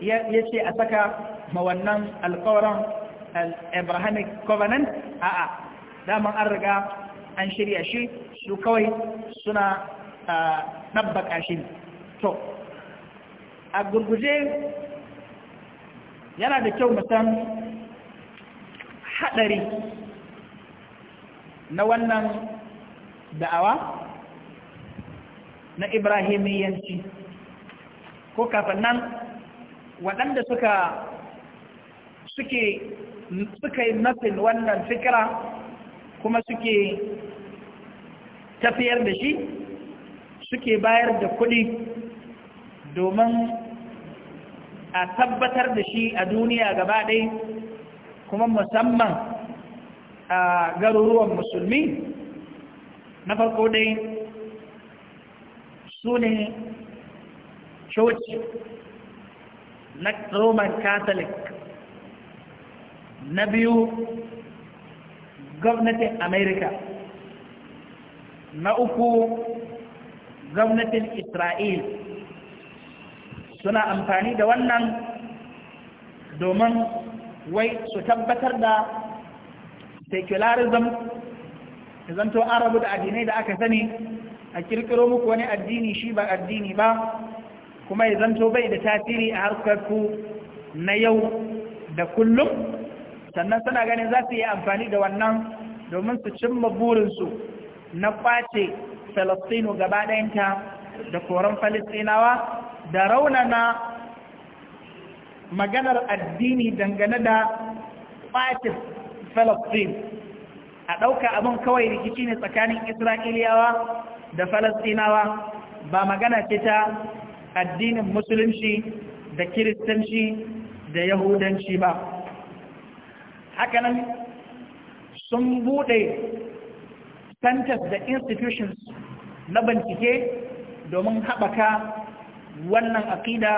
ya ce a saka ma wannan alkawaran abrahamic covenant a a daman an riga an shirya shi su kawai suna ɗabbaka shi to a gurguje yana da kyau musan haɗari na wannan da'awa na ibrahimiyanci ko kafin nan waɗanda suka suke suka yi nafin wannan fikira kuma suke tafiyar da shi suke bayar da kuɗi domin a tabbatar da shi a duniya gaba ɗai kuma musamman a garuruwan musulmi na farko dai su ne coci na roman catholic na biyu gwamnatin america na uku gwamnatin isra'il suna amfani da wannan domin wai su tabbatar da secularism zanto arabu da addinai da aka sani a kirkiro muku wani addini shi ba addini ba kuma ya zanto bai da tasiri a harkarku na yau da kullum sannan suna ganin za su yi amfani da wannan domin su cimma burinsu na kwace falastinu gaba ɗayanta da koran falastinawa da raunana maganar addini dangane da kwace falastin a ɗauka abin kawai rikici ne tsakanin isra'iliyawa da falastinawa ba magana ce ta addinin musulunci da kiristanci da yahudanci ba hakanan sun bude centers da institutions na bincike domin haɓaka wannan aƙida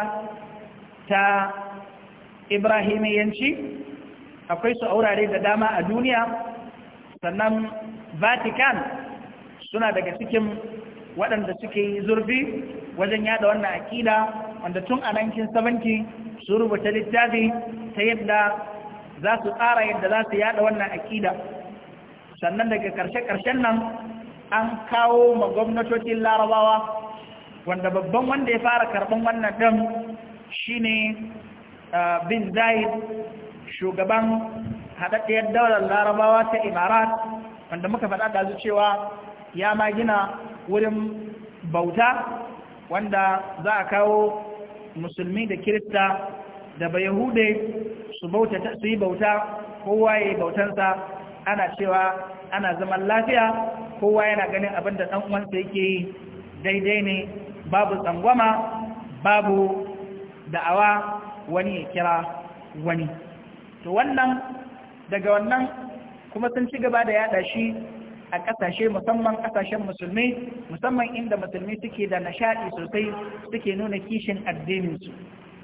ta ibrahimiyanci akwai su aurare da dama a duniya sannan vatican suna daga cikin waɗanda suke yi zurfi wajen yada wannan akida wanda tun a 1970 su rubuta littafi ta yadda za su tsara yadda za su yada wannan akida sannan daga ƙarshe-ƙarshen nan an kawo ma gwamnatocin larabawa wanda babban wanda ya fara karɓan wannan ɗin ne uh, bin zaid shugaban haɗaɗɗiyar daular larabawa ta imarat wanda muka faɗa da cewa ya ma gina wurin bauta wanda za a kawo musulmi da kirista da ba yahude su yi bauta kowa ya yi bautansa ana cewa ana zaman lafiya kowa yana ganin abin da uwansa yake yi daidai ne babu tsangwama babu da'awa wani ya kira wani to wannan daga wannan kuma sun ci gaba da yada shi a ƙasashe musamman ƙasashen musulmi musamman inda musulmi suke da nishadi sosai suke nuna kishin addininsu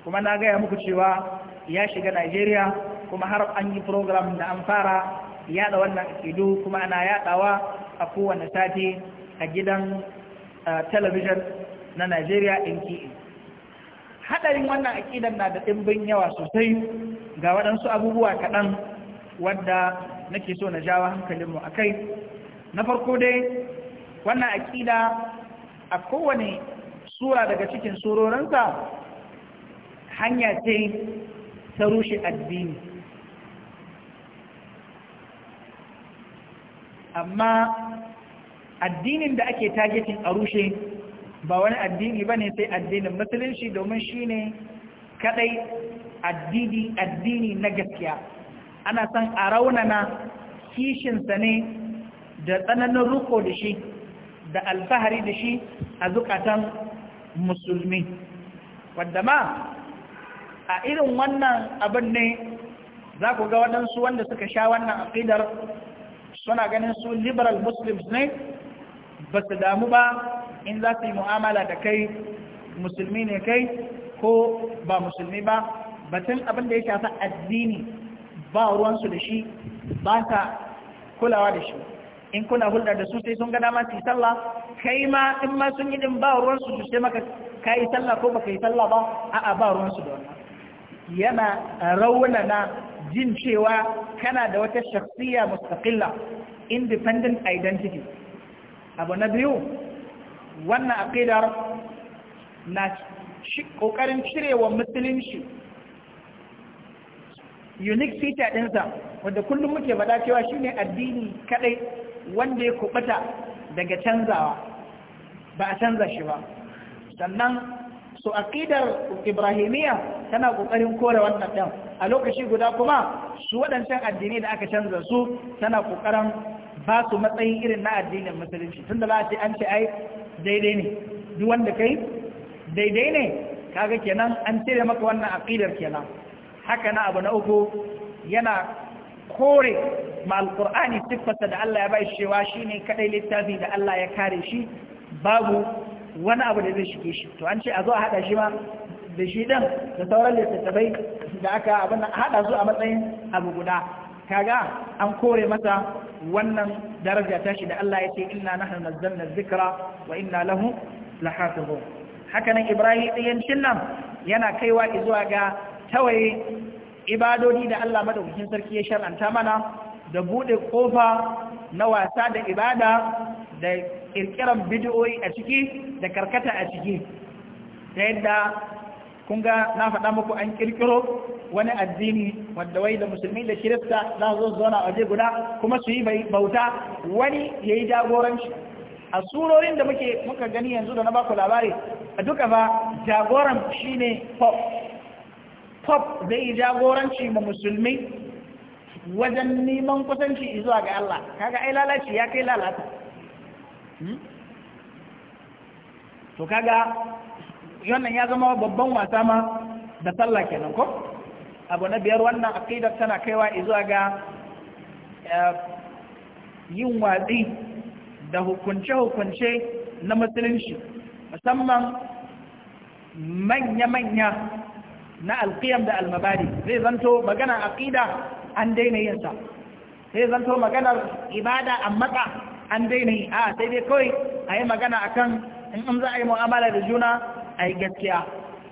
kuma na gaya muku cewa ya shiga Najeriya kuma har an yi program da an fara yaɗa wannan akidu kuma ana yaɗawa a kowane sati a gidan talabijin na Najeriya inki Hadarin wannan akidan na da ɗimbin yawa sosai ga waɗansu abubuwa kaɗan wadda nake so na jawo hankalinmu a kai na farko dai wannan aƙida a kowane sura daga cikin surorinsa hanya ce ta rushe addini amma addinin da ake tagetin a rushe ba wani addini ba ne sai addinin musulunci domin shi ne kadai addini na gaskiya ana son a raunana kishinsa ne da tsananin ruko da shi da alfahari da shi a zukatan musulmi wadda ma a irin wannan abin ne za ku ga waɗansu wanda suka sha wannan aƙidar suna ganin su liberal muslims ne ba su damu ba in za su yi mu'amala da kai musulmi ne kai ko ba musulmi ba batun abin da ya shafa addini ba ruwansu da shi ba ta kulawa da shi in kuna hulɗa da su sai sun ga dama su yi sallah kai ma in ma sun yi din ba ruwan su sai maka ka yi sallah ko baka yi sallah ba a'a ba ruwan su da wannan yana raunana jin cewa kana da wata shakhsiya mustaqilla independent identity abu na biyu wannan aqidar na kokarin cirewa musulunci unique feature ɗinsa wanda kullum muke faɗa cewa shi ne addini kaɗai wanda ya kubata daga canzawa ba a canza shi ba sannan su aƙidar ibrahimiyya tana ƙoƙarin kore wannan ɗan a lokaci guda kuma su waɗancan addinai da aka canza su tana ƙoƙarin ba su matsayin irin na addinin musulunci tun da za a ce an ce ai daidai ne duk wanda kai daidai ne kaga kenan an cire maka wannan aƙidar kenan haka na abu na uku yana kore ma alkur'ani siffarsa da Allah ya bai cewa shi ne kaɗai littafi da Allah ya kare shi babu wani abu da zai shige shi to an ce a zo a haɗa shi ma da shi ɗin da sauran littattafai da aka abin haɗa su a matsayin abu guda kaga an kore masa wannan daraja ta shi da Allah ya ce inna nahnu nazzalna dhikra wa inna lahu lahafizun haka nan Ibrahim ɗayan nan yana kaiwa zuwa ga Tawai ibadodi da Allah madaukakin sarki ya shar'anta mana da bude kofa na wasa da ibada da kirkiran bid'o'i a ciki da karkata a ciki ta yadda kun ga na faɗa muku an kirkiro wani addini wadda wai da musulmi da kirista za su zo na waje guda kuma su yi bauta wani ya yi jagoranci a surorin da muke muka gani yanzu da na baku labari a duka ba jagoran shine pop pop zai yi jagoranci ma musulmi wajen neman kusanci zuwa ga Allah kaga ai lalaci ya kai lalata hmm? to kaga wannan ya zama babban wasa ma da sallah kenan ko abu na biyar wannan aqidar tana kaiwa zuwa ga eh, yin watsi da hukunce-hukunce na musulunci musamman manya-manya na alƙiyam da almabari zai zanto magana aqida an daina yin sa sai zanto maganar ibada a matsa an daina yi a sai dai kawai a yi magana a kan in za a yi mu'amala da juna a yi gaskiya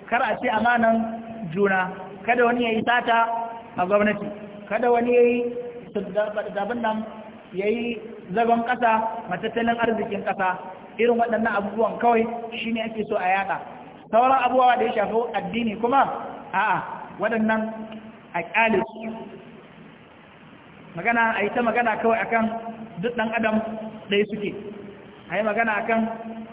kar a ce amanan juna kada wani ya yi sata a gwamnati kada wani ya yi zabin nan ya yi zagon ƙasa matattalin arzikin ƙasa irin waɗannan abubuwan kawai shi ne ake so a yaɗa sauran abubuwa da ya shafi addini kuma a'a waɗannan a magana a yi ta magana kawai akan duk ɗan adam ɗaya suke a yi magana akan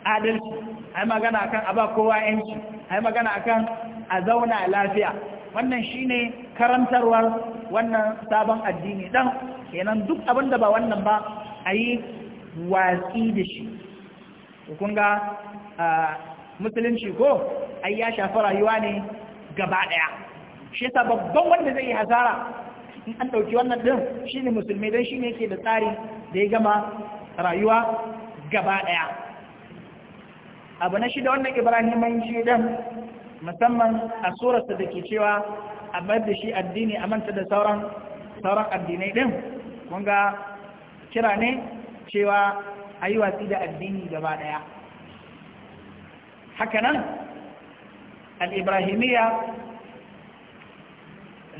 adalci a yi magana akan a ba kowa yanci a yi magana akan a zauna lafiya wannan shine karantarwar wannan sabon addini ɗan kenan duk abin da ba wannan ba a yi watsi da shi hukunga ga musulunci ko ai ya shafi rayuwa ne gaba ɗaya shi yasa babban wanda zai yi hasara in an ɗauki wannan ɗin shi ne musulmi don shi ne yake da tsari da ya gama rayuwa gaba ɗaya abu na shida wannan shi ɗin musamman a surarsa da ke cewa a bar da shi addini a manta da sauran sauran addinai ɗin kun kira ne cewa a yi watsi da addini gaba ɗaya hakanan. al'ibrahimiyya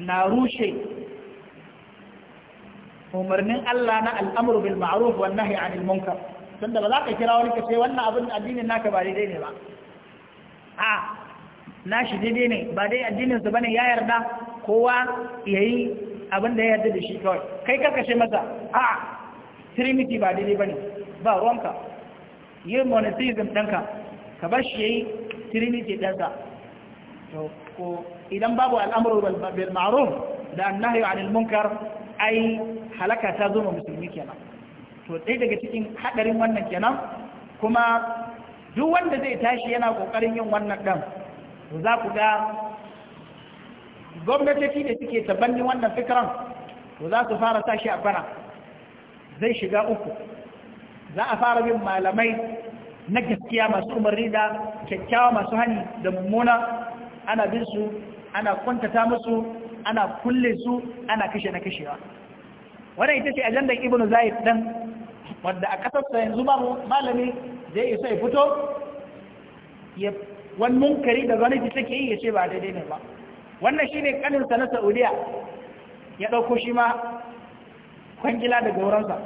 na rushe umarnin Allah na al'amuru bil ma'ruf wa nahi anil munkar tunda ba za ka kira wani ce wannan abin addinin naka ba daidai ne ba a shi daidai ne ba dai addinin su bane ya yarda kowa yayi abin da ya yarda da shi kawai kai ka kashe masa a trinity ba daidai bane ba ruwanka yin monotheism ɗanka ka bar shi yayi trinity ɗansa ko idan babu al'amru bil ma'ruf da annahi anil munkar ai halaka ta zo musulmi kenan to dai daga cikin hadarin wannan kenan kuma duk wanda zai tashi yana kokarin yin wannan dan za ku ga da suke tabanni wannan fikran to za su fara tashi a bana zai shiga uku za a fara bin malamai na gaskiya masu umarni da kyakkyawa masu hani da mummuna ana bin su ana kwantata musu ana kulle su ana kashe na kashewa wannan ita ce ajandar ibn zaid dan wanda a kasarsa yanzu babu malami zai isa ya fito ya wani munkari da gwamnati take yi ya ce ba daidai ne ba wannan shine kaninsa na saudiya ya ɗauko shi ma kwangila daga wuransa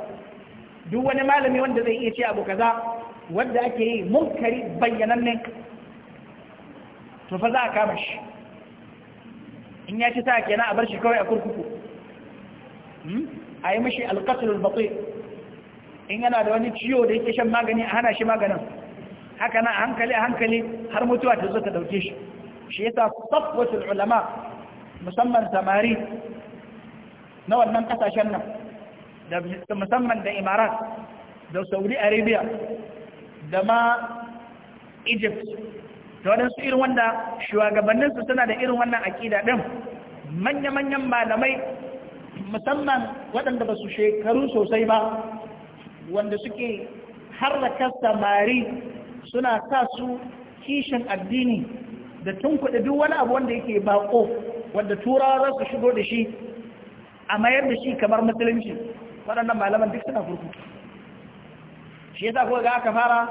duk wani malami wanda zai iya ce abu kaza wanda ake yi munkari bayyananne to fa za a kama shi in ya ci ta kenan a bar shi kawai a kurkuku hmm? a yi mashi alƙasulul baƙi in yana da wani ciwo da yake shan magani a hana shi maganin haka na hankali a hankali har mutuwa ta zo ta ɗauke shi shi yasa safwatul ulama musamman samari na wannan ƙasashen nan da musamman da imarat da saudi arabia da ma egypt da waɗansu irin wanda shugabanninsu suna da irin wannan aƙida ɗin manya-manyan malamai musamman waɗanda ba su shekaru sosai ba wanda suke harraka samari suna sa su kishin addini da tunkuɗe duk wani abu wanda yake baƙo wanda turawa za su shigo da shi a mayar da shi kamar musulunci waɗannan malaman duk suna kurkuku shi yasa kuka ga aka fara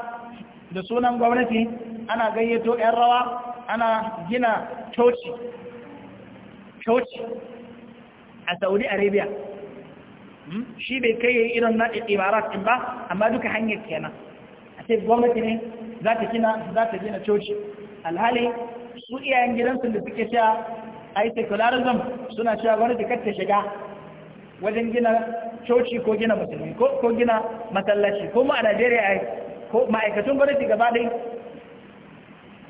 da sunan gwamnati ana gayyato 'yan rawa ana gina coci coci a saudi arabia hmm? shi bai kai yi irin na imarat ɗin ba amma duka hanyar kenan a ce gwamnati ne za ta gina za ta gina coci alhali su iyayen gidansu da suke cewa yi secularism suna cewa gwamnati kar ta shiga wajen gina coci ko gina musulmi ko gina masallaci ko mu a Najeriya ko ma'aikatun gwamnati gaba ɗaya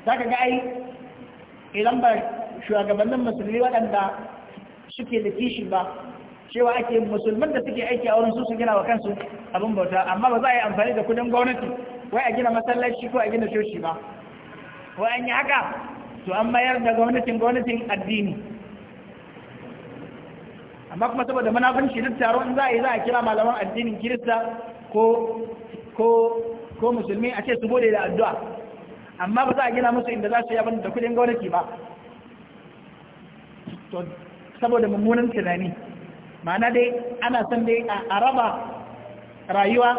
zaka ga ai idan eh, ba shugabannin musulmi waɗanda suke da kishi ba cewa ake musulman da suke aiki a wurin su su gina wa kansu abin bauta amma ba za a yi amfani da kudin gwamnati wai a gina masallaci ko a gina coci ba wai an yi haka to an mayar da gwamnatin gwamnatin addini amma kuma saboda munafunci duk taro in za a yi za a kira malaman addinin kirista ko ko ko musulmi a ce su bude da addu'a amma ba za a gina musu inda za su yi abin da kudin gwamnati ba to saboda mummunan tunani ma'ana dai ana son dai a raba rayuwa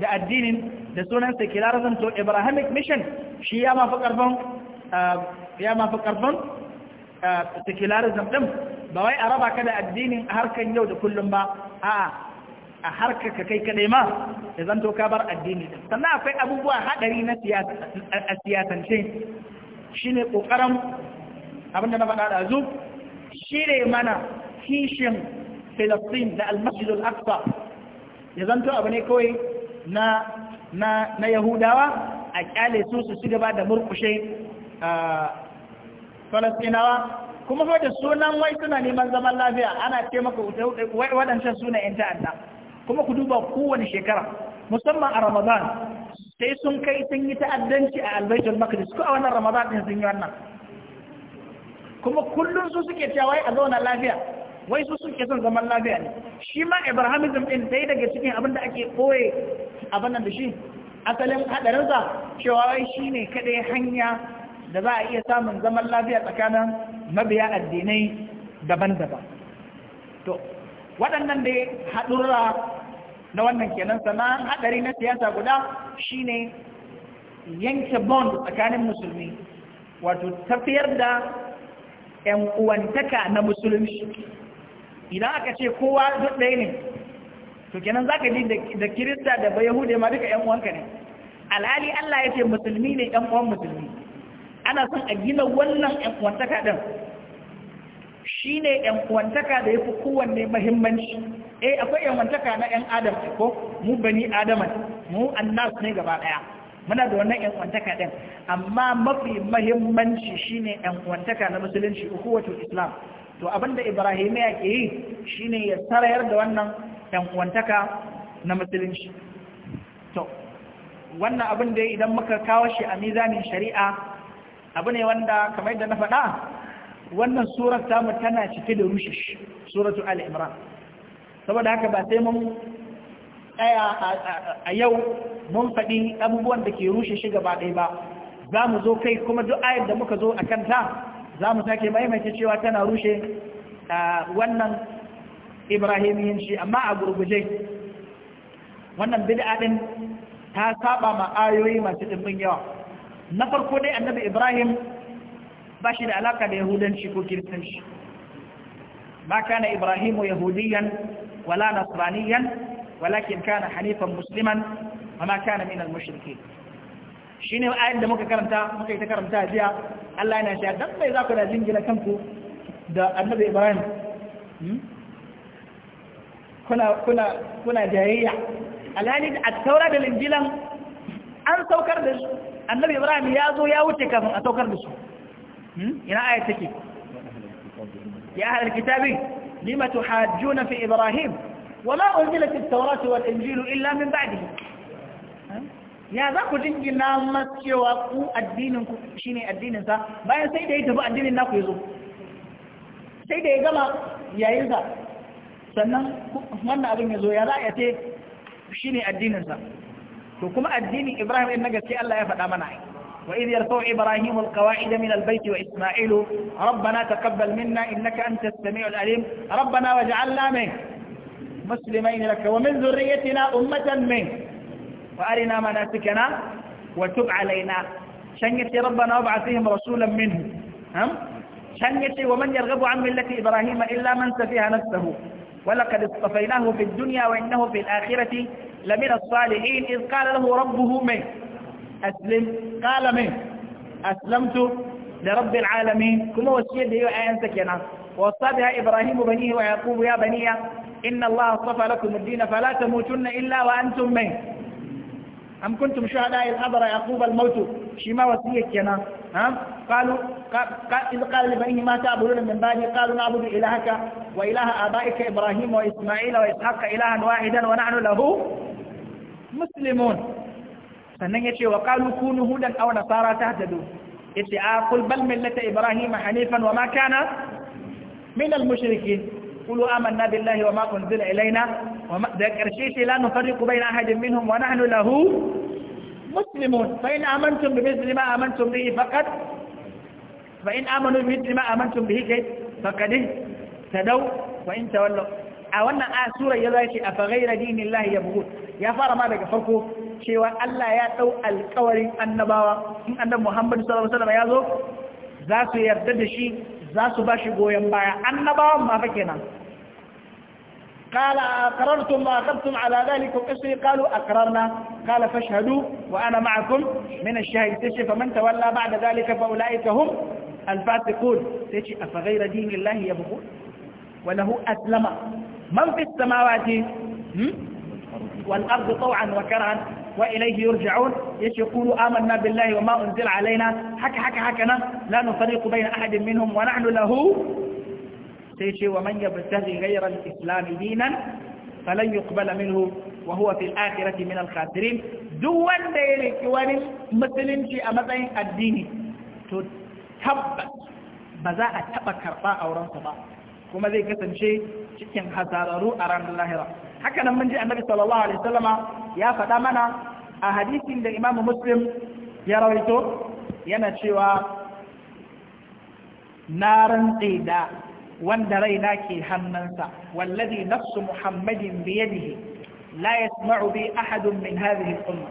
da addinin da sunan secularism to ibrahimic mission shi ya mafi karfin ya mafi karfin secularism din ba wai a raba ka da addinin harkan yau da kullum ba a'a a harka ka kai kadai ma ya zanto ka bar addini sannan akwai abubuwa hadari na siyasance shine kokarin abinda na faɗa da zu mana kishin Filistin da Al-Masjid Al-Aqsa ya abu ne kawai na na na Yahudawa a kyale su su ci gaba da murkushe Falastinawa kuma fa da sunan wai suna neman zaman lafiya ana ce maka waɗancan suna 'yan ta'adda kuma ku duba kowane shekara musamman a ramadan sai sun kai sun yi ta'addanci a albaitul maqdis ko a wannan ramadan din sun yi wannan kuma kullum su suke cewa wai a zauna lafiya wai su suke son zaman lafiya ne shi ma ibrahimism din dai daga cikin abin da ake koye abin da shi asalin haɗarinsa cewa wai shine kadai hanya da za a iya samun zaman lafiya tsakanin mabiya addinai daban-daban to waɗannan da haɗurra na wannan kenan sannan haɗari na siyasa guda shine yanke bond tsakanin musulmi wato tafiyar da ‘yan uwantaka na musulmi idan aka ce kowa duk ɗaya ne to kenan za ka ji da kirista da bayahude ma duka ‘yan uwanka ne alhali Allah ya ce musulmi ne ‘yan uwan musulmi ana son a gina wannan ‘yan uwantaka ɗin shi ne ‘yan'uwantaka da ya fi kowanne mahimmanci eh akwai ‘yan'uwantaka na ‘yan adam ko mu bani adaman mu annas ne gaba ɗaya muna da wannan ‘yan'uwantaka ɗin amma mafi mahimmanci shi ne ‘yan'uwantaka na musulunci wato islam to abinda ibrahim ya ke yi shi ne ya sarayar da wannan ‘yan'uwantaka na musulunci to wannan abin da idan muka kawo shi a mizanin shari'a abu ne wanda kamar yadda na faɗa wannan surar tamu tana cike da rushish suratu al-imran saboda haka ba sai mun tsaya a yau mun faɗi abubuwan da ke rushe shi gaba ɗaya ba za mu zo kai kuma duk ayar da muka zo a kanta za mu sake maimaita cewa tana rushe wannan ibrahimiyin shi amma a gurguje wannan bid'a din ta saba ma ayoyi masu ɗimbin yawa na farko dai annabi ibrahim ba shi da alaka da yahudanci ko kiristanci ma kana ibrahimu yahudiyan wala nasraniyan walakin kana hanifan musliman wa ma kana min al-mushrikeen shine ayin da muka karanta muka yi ta karanta jiya Allah yana cewa dan bai za ku da jingina kanku da annabi Ibrahim hmm? kuna kuna kuna jayayya alhali da taura da Linjilan, an saukar da su annabi Ibrahim ya zo ya wuce kafin a saukar da su Hmm? ina ayat take ya ahlul kitabi lima tuhajjuna fi ibrahim wama unzilat at-taurat wal injil illa min ba'dihi hmm? ya za ku dingina cewa ku addinin ku shine addinin sa bayan sai da ya tafi addinin naku yazo sai da ya gama yayin sa sannan wannan abin yazo ya za ya ce shine addinin sa to kuma addinin Ibrahim din na gaske Allah ya faɗa mana ai وإذ يرفع إبراهيم القواعد من البيت وإسماعيل ربنا تقبل منا إنك أنت السميع العليم ربنا واجعلنا منه مسلمين لك ومن ذريتنا أمة منه وأرنا مناسكنا وتب علينا شنيتي ربنا وابعث فيهم رسولا منه هم شنيتي ومن يرغب عن ملة إبراهيم إلا من سفيها نفسه ولقد اصطفيناه في الدنيا وإنه في الآخرة لمن الصالحين إذ قال له ربه منه أسلم قال من أسلمت لرب العالمين كما وشيد هي آيان سكينة ووصى بها إبراهيم بنيه ويعقوب يا بني إن الله اصطفى لكم الدين فلا تموتن إلا وأنتم من أم كنتم شهداء إذ حضر يعقوب الموت شما وصية كنا ها قالوا إذ قال لبنيه ما تعبدون من بعدي قالوا نعبد إلهك وإله آبائك إبراهيم وإسماعيل وإسحاق إلها واحدا ونحن له مسلمون sannan ya ce wa kalu kunu hudan aw nasara tahtadu yace a kul bal millata ibrahim hanifan wa ma kana min al mushrikin qulu amanna billahi wa ma unzila ilaina wa ma da karshe ce la nufarriqu bayna ahadin minhum wa nahnu lahu muslimun fa in amantum bi mithli ma amantum bihi faqad fa in amanu bi mithli ma amantum bihi kai faqad tadaw wa in tawallaw a wannan a sura ya zai a fa ghayra dinillahi yabghut ya fara ma daga farko cewa Allah ya ɗau alkawarin annabawa in annan Muhammadu sallallahu Alaihi wasallam ya zo za su yarda da shi za su ba shi goyon baya annabawan ma fa kenan قال أقررتم وأخذتم على ذلك قصري قالوا أقررنا قال فاشهدوا وأنا معكم من الشهيد تشي فمن تولى بعد ذلك فأولئك هم الفاسقون تشي أفغير دين الله يبغون وله أسلم من في السماوات والأرض طوعا وكرها wa ilaihi yurja'un yace qulu amanna billahi wa ma unzila alaina haka haka haka nan la nufariqu bayna ahadin minhum wa nahnu lahu sai ce wa man yabtaghi ghayra al-islam dinan falan yuqbala minhu wa huwa fil akhirati min al duk wanda ya riki wani musulunci a matsayin addini to tabbas ba za a taba karba aurensa ba kuma zai kasance cikin hasararru a ranar lahira haka nan mun ji annabi sallallahu alaihi wasallama ya faɗa mana a hadisin da imamu muslim ya rawaito yana cewa na rantse da wanda raina ke hannunsa wallazi nafsu muhammadin biyadihi la yasma'u bi ahadun min hadhihi al-umma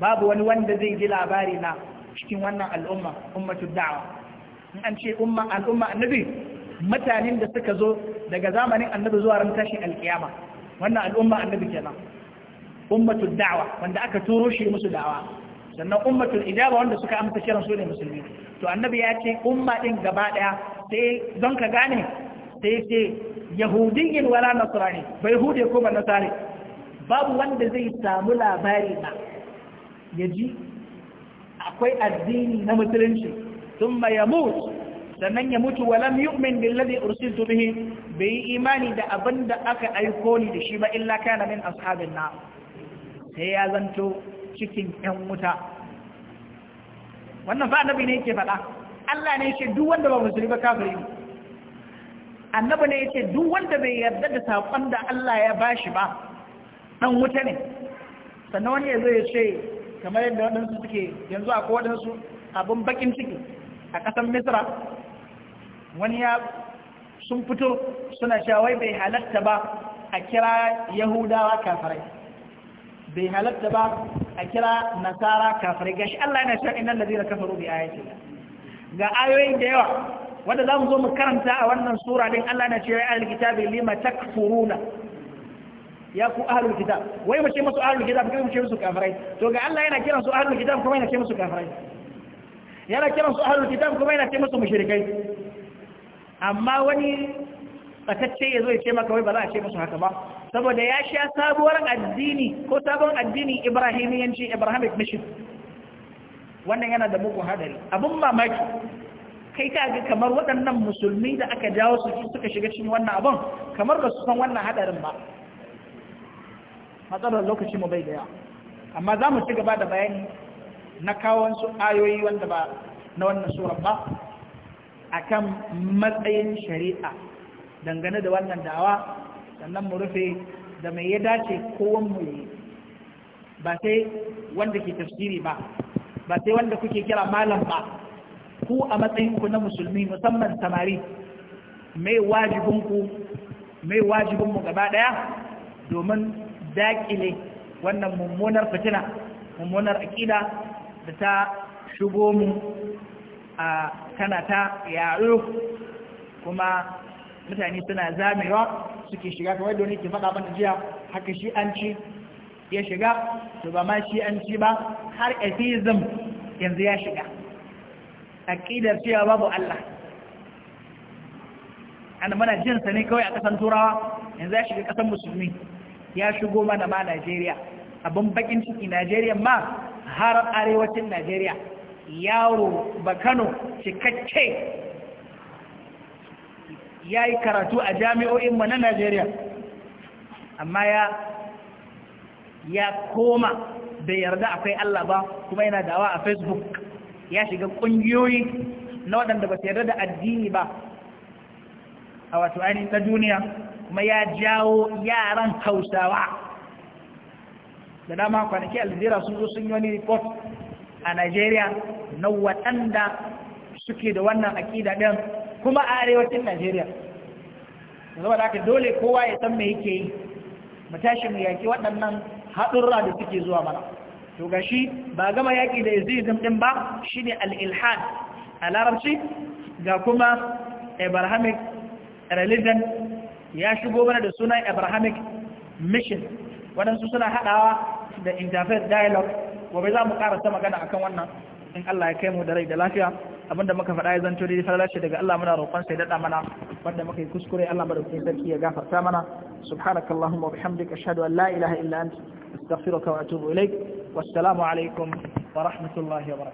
babu wani wanda zai ji labari na cikin wannan al'umma ummatu da'wa in an ce umma al'umma annabi mutanen da suka zo daga zamanin annabi zuwa ran tashin alkiyama wannan al'umma annabi kenan ummatul da'wa wanda aka turo shi musu da'wa sannan ummatul ijaba wanda suka amsa kiran su ne musulmi to annabi ya ce umma din gaba daya sai don ka gane sai ce yahudiyyin wala nasrani bai hude ko ban nasari babu wanda zai samu labari ba yaji akwai addini na musulunci thumma yamut sannan ya mutu wa walam yu'min billadhi ursiltu bihi bai imani da abinda aka aiko ni da shi ba illa kana min ashabin na sai ya zanto cikin ƴan wuta wannan fa annabi ne yake faɗa Allah ne yake duk wanda ba musulmi ba kafiri ne annabi ne yake duk wanda bai yarda da sakon da Allah ya bashi ba dan wuta ne sannan wani ya zo ya ce kamar yadda waɗansu suke yanzu akwai waɗansu abin bakin ciki a ƙasar misra wani ya sun fito suna shawai bai halatta ba a kira yahudawa kafirai bai halatta ba a kira nasara kafirai gashi Allah yana shan inna lazina kafaru bi ayati ga ayoyin da yawa wanda zamu zo mu karanta a wannan sura din Allah yana cewa ahlul kitabi lima takfuruna ya ku ahlul kitab wai mu ce musu ahlul kitab kuma mu ce musu kafirai to ga Allah yana kiran su ahlul kitab kuma yana ce musu kafirai yana kiran su ahlul kitab kuma yana ce musu mushrikai amma wani tsakacce ya zo ya ce maka wai ba za a ce musu haka ba saboda ya sha sabuwar addini ko sabon addini ibrahimiyanci ibrahimic mission wannan yana da mugun hadari abin mamaki kai ka ga kamar waɗannan musulmi da aka jawo su suka shiga cikin wannan abin kamar ba su san wannan hadarin ba matsalar lokaci mu bai da yawa amma za mu ci gaba da bayani na kawo wasu ayoyi wanda ba na wannan surar ba akan matsayin shari'a dangane da wannan dawa sannan mu rufe da mai ya dace ko mu yi ba sai wanda ke tafsiri ba ba sai wanda kuke kira malam ba ku a matsayin ku na musulmi musamman samari mai wajibin ku mai wajibin mu gaba daya domin dakile wannan mummunar fitina mummunar akida da ta shigo mu a kana ta yaro kuma mutane suna zamewa suke shiga kawai da wani ke faɗa mana jiya haka shi an ci ya shiga to ba ma shi an ci ba har atheism yanzu ya shiga aqidar cewa babu Allah ana mana jin sa ne kawai a kasan turawa yanzu ya shiga kasan musulmi ya shigo mana ma Najeriya abin bakin ciki Najeriya ma har arewacin Najeriya yaro bakano cikakke ya yi karatu a jami'o'in ba na najeriya amma ya ya koma bai yarda akwai Allah ba kuma yana dawa a facebook ya shiga ƙungiyoyi na waɗanda ba su yarda da addini ba a wato ainihin ta duniya kuma ya jawo yaran hausawa da dama kwanaki alzira sun zo sun yi wani report a Najeriya na waɗanda suke da wannan aƙida ɗin kuma a arewacin Najeriya. Zama da aka dole kowa ya san me yake yi, matashi mai yaƙi waɗannan haɗurra da suke zuwa mana. To ga shi ba gama yaƙi da izizim ɗin ba shi ne al’ilhan a larabci ga kuma Abrahamic religion ya shigo mana da sunan Abrahamic mission waɗansu suna haɗawa da interfaith dialogue gobe za mu karanta magana akan wannan in Allah ya kai mu da rai da lafiya abinda muka faɗa ya zanto dai salalashi daga Allah muna roƙon sai daɗa mana wanda muka yi kuskure Allah madaukakin sarki ya gafarta mana subhanakallahumma wa bihamdika ashhadu an la ilaha illa anta astaghfiruka wa atubu ilaik wassalamu alaikum wa rahmatullahi wa barakatuh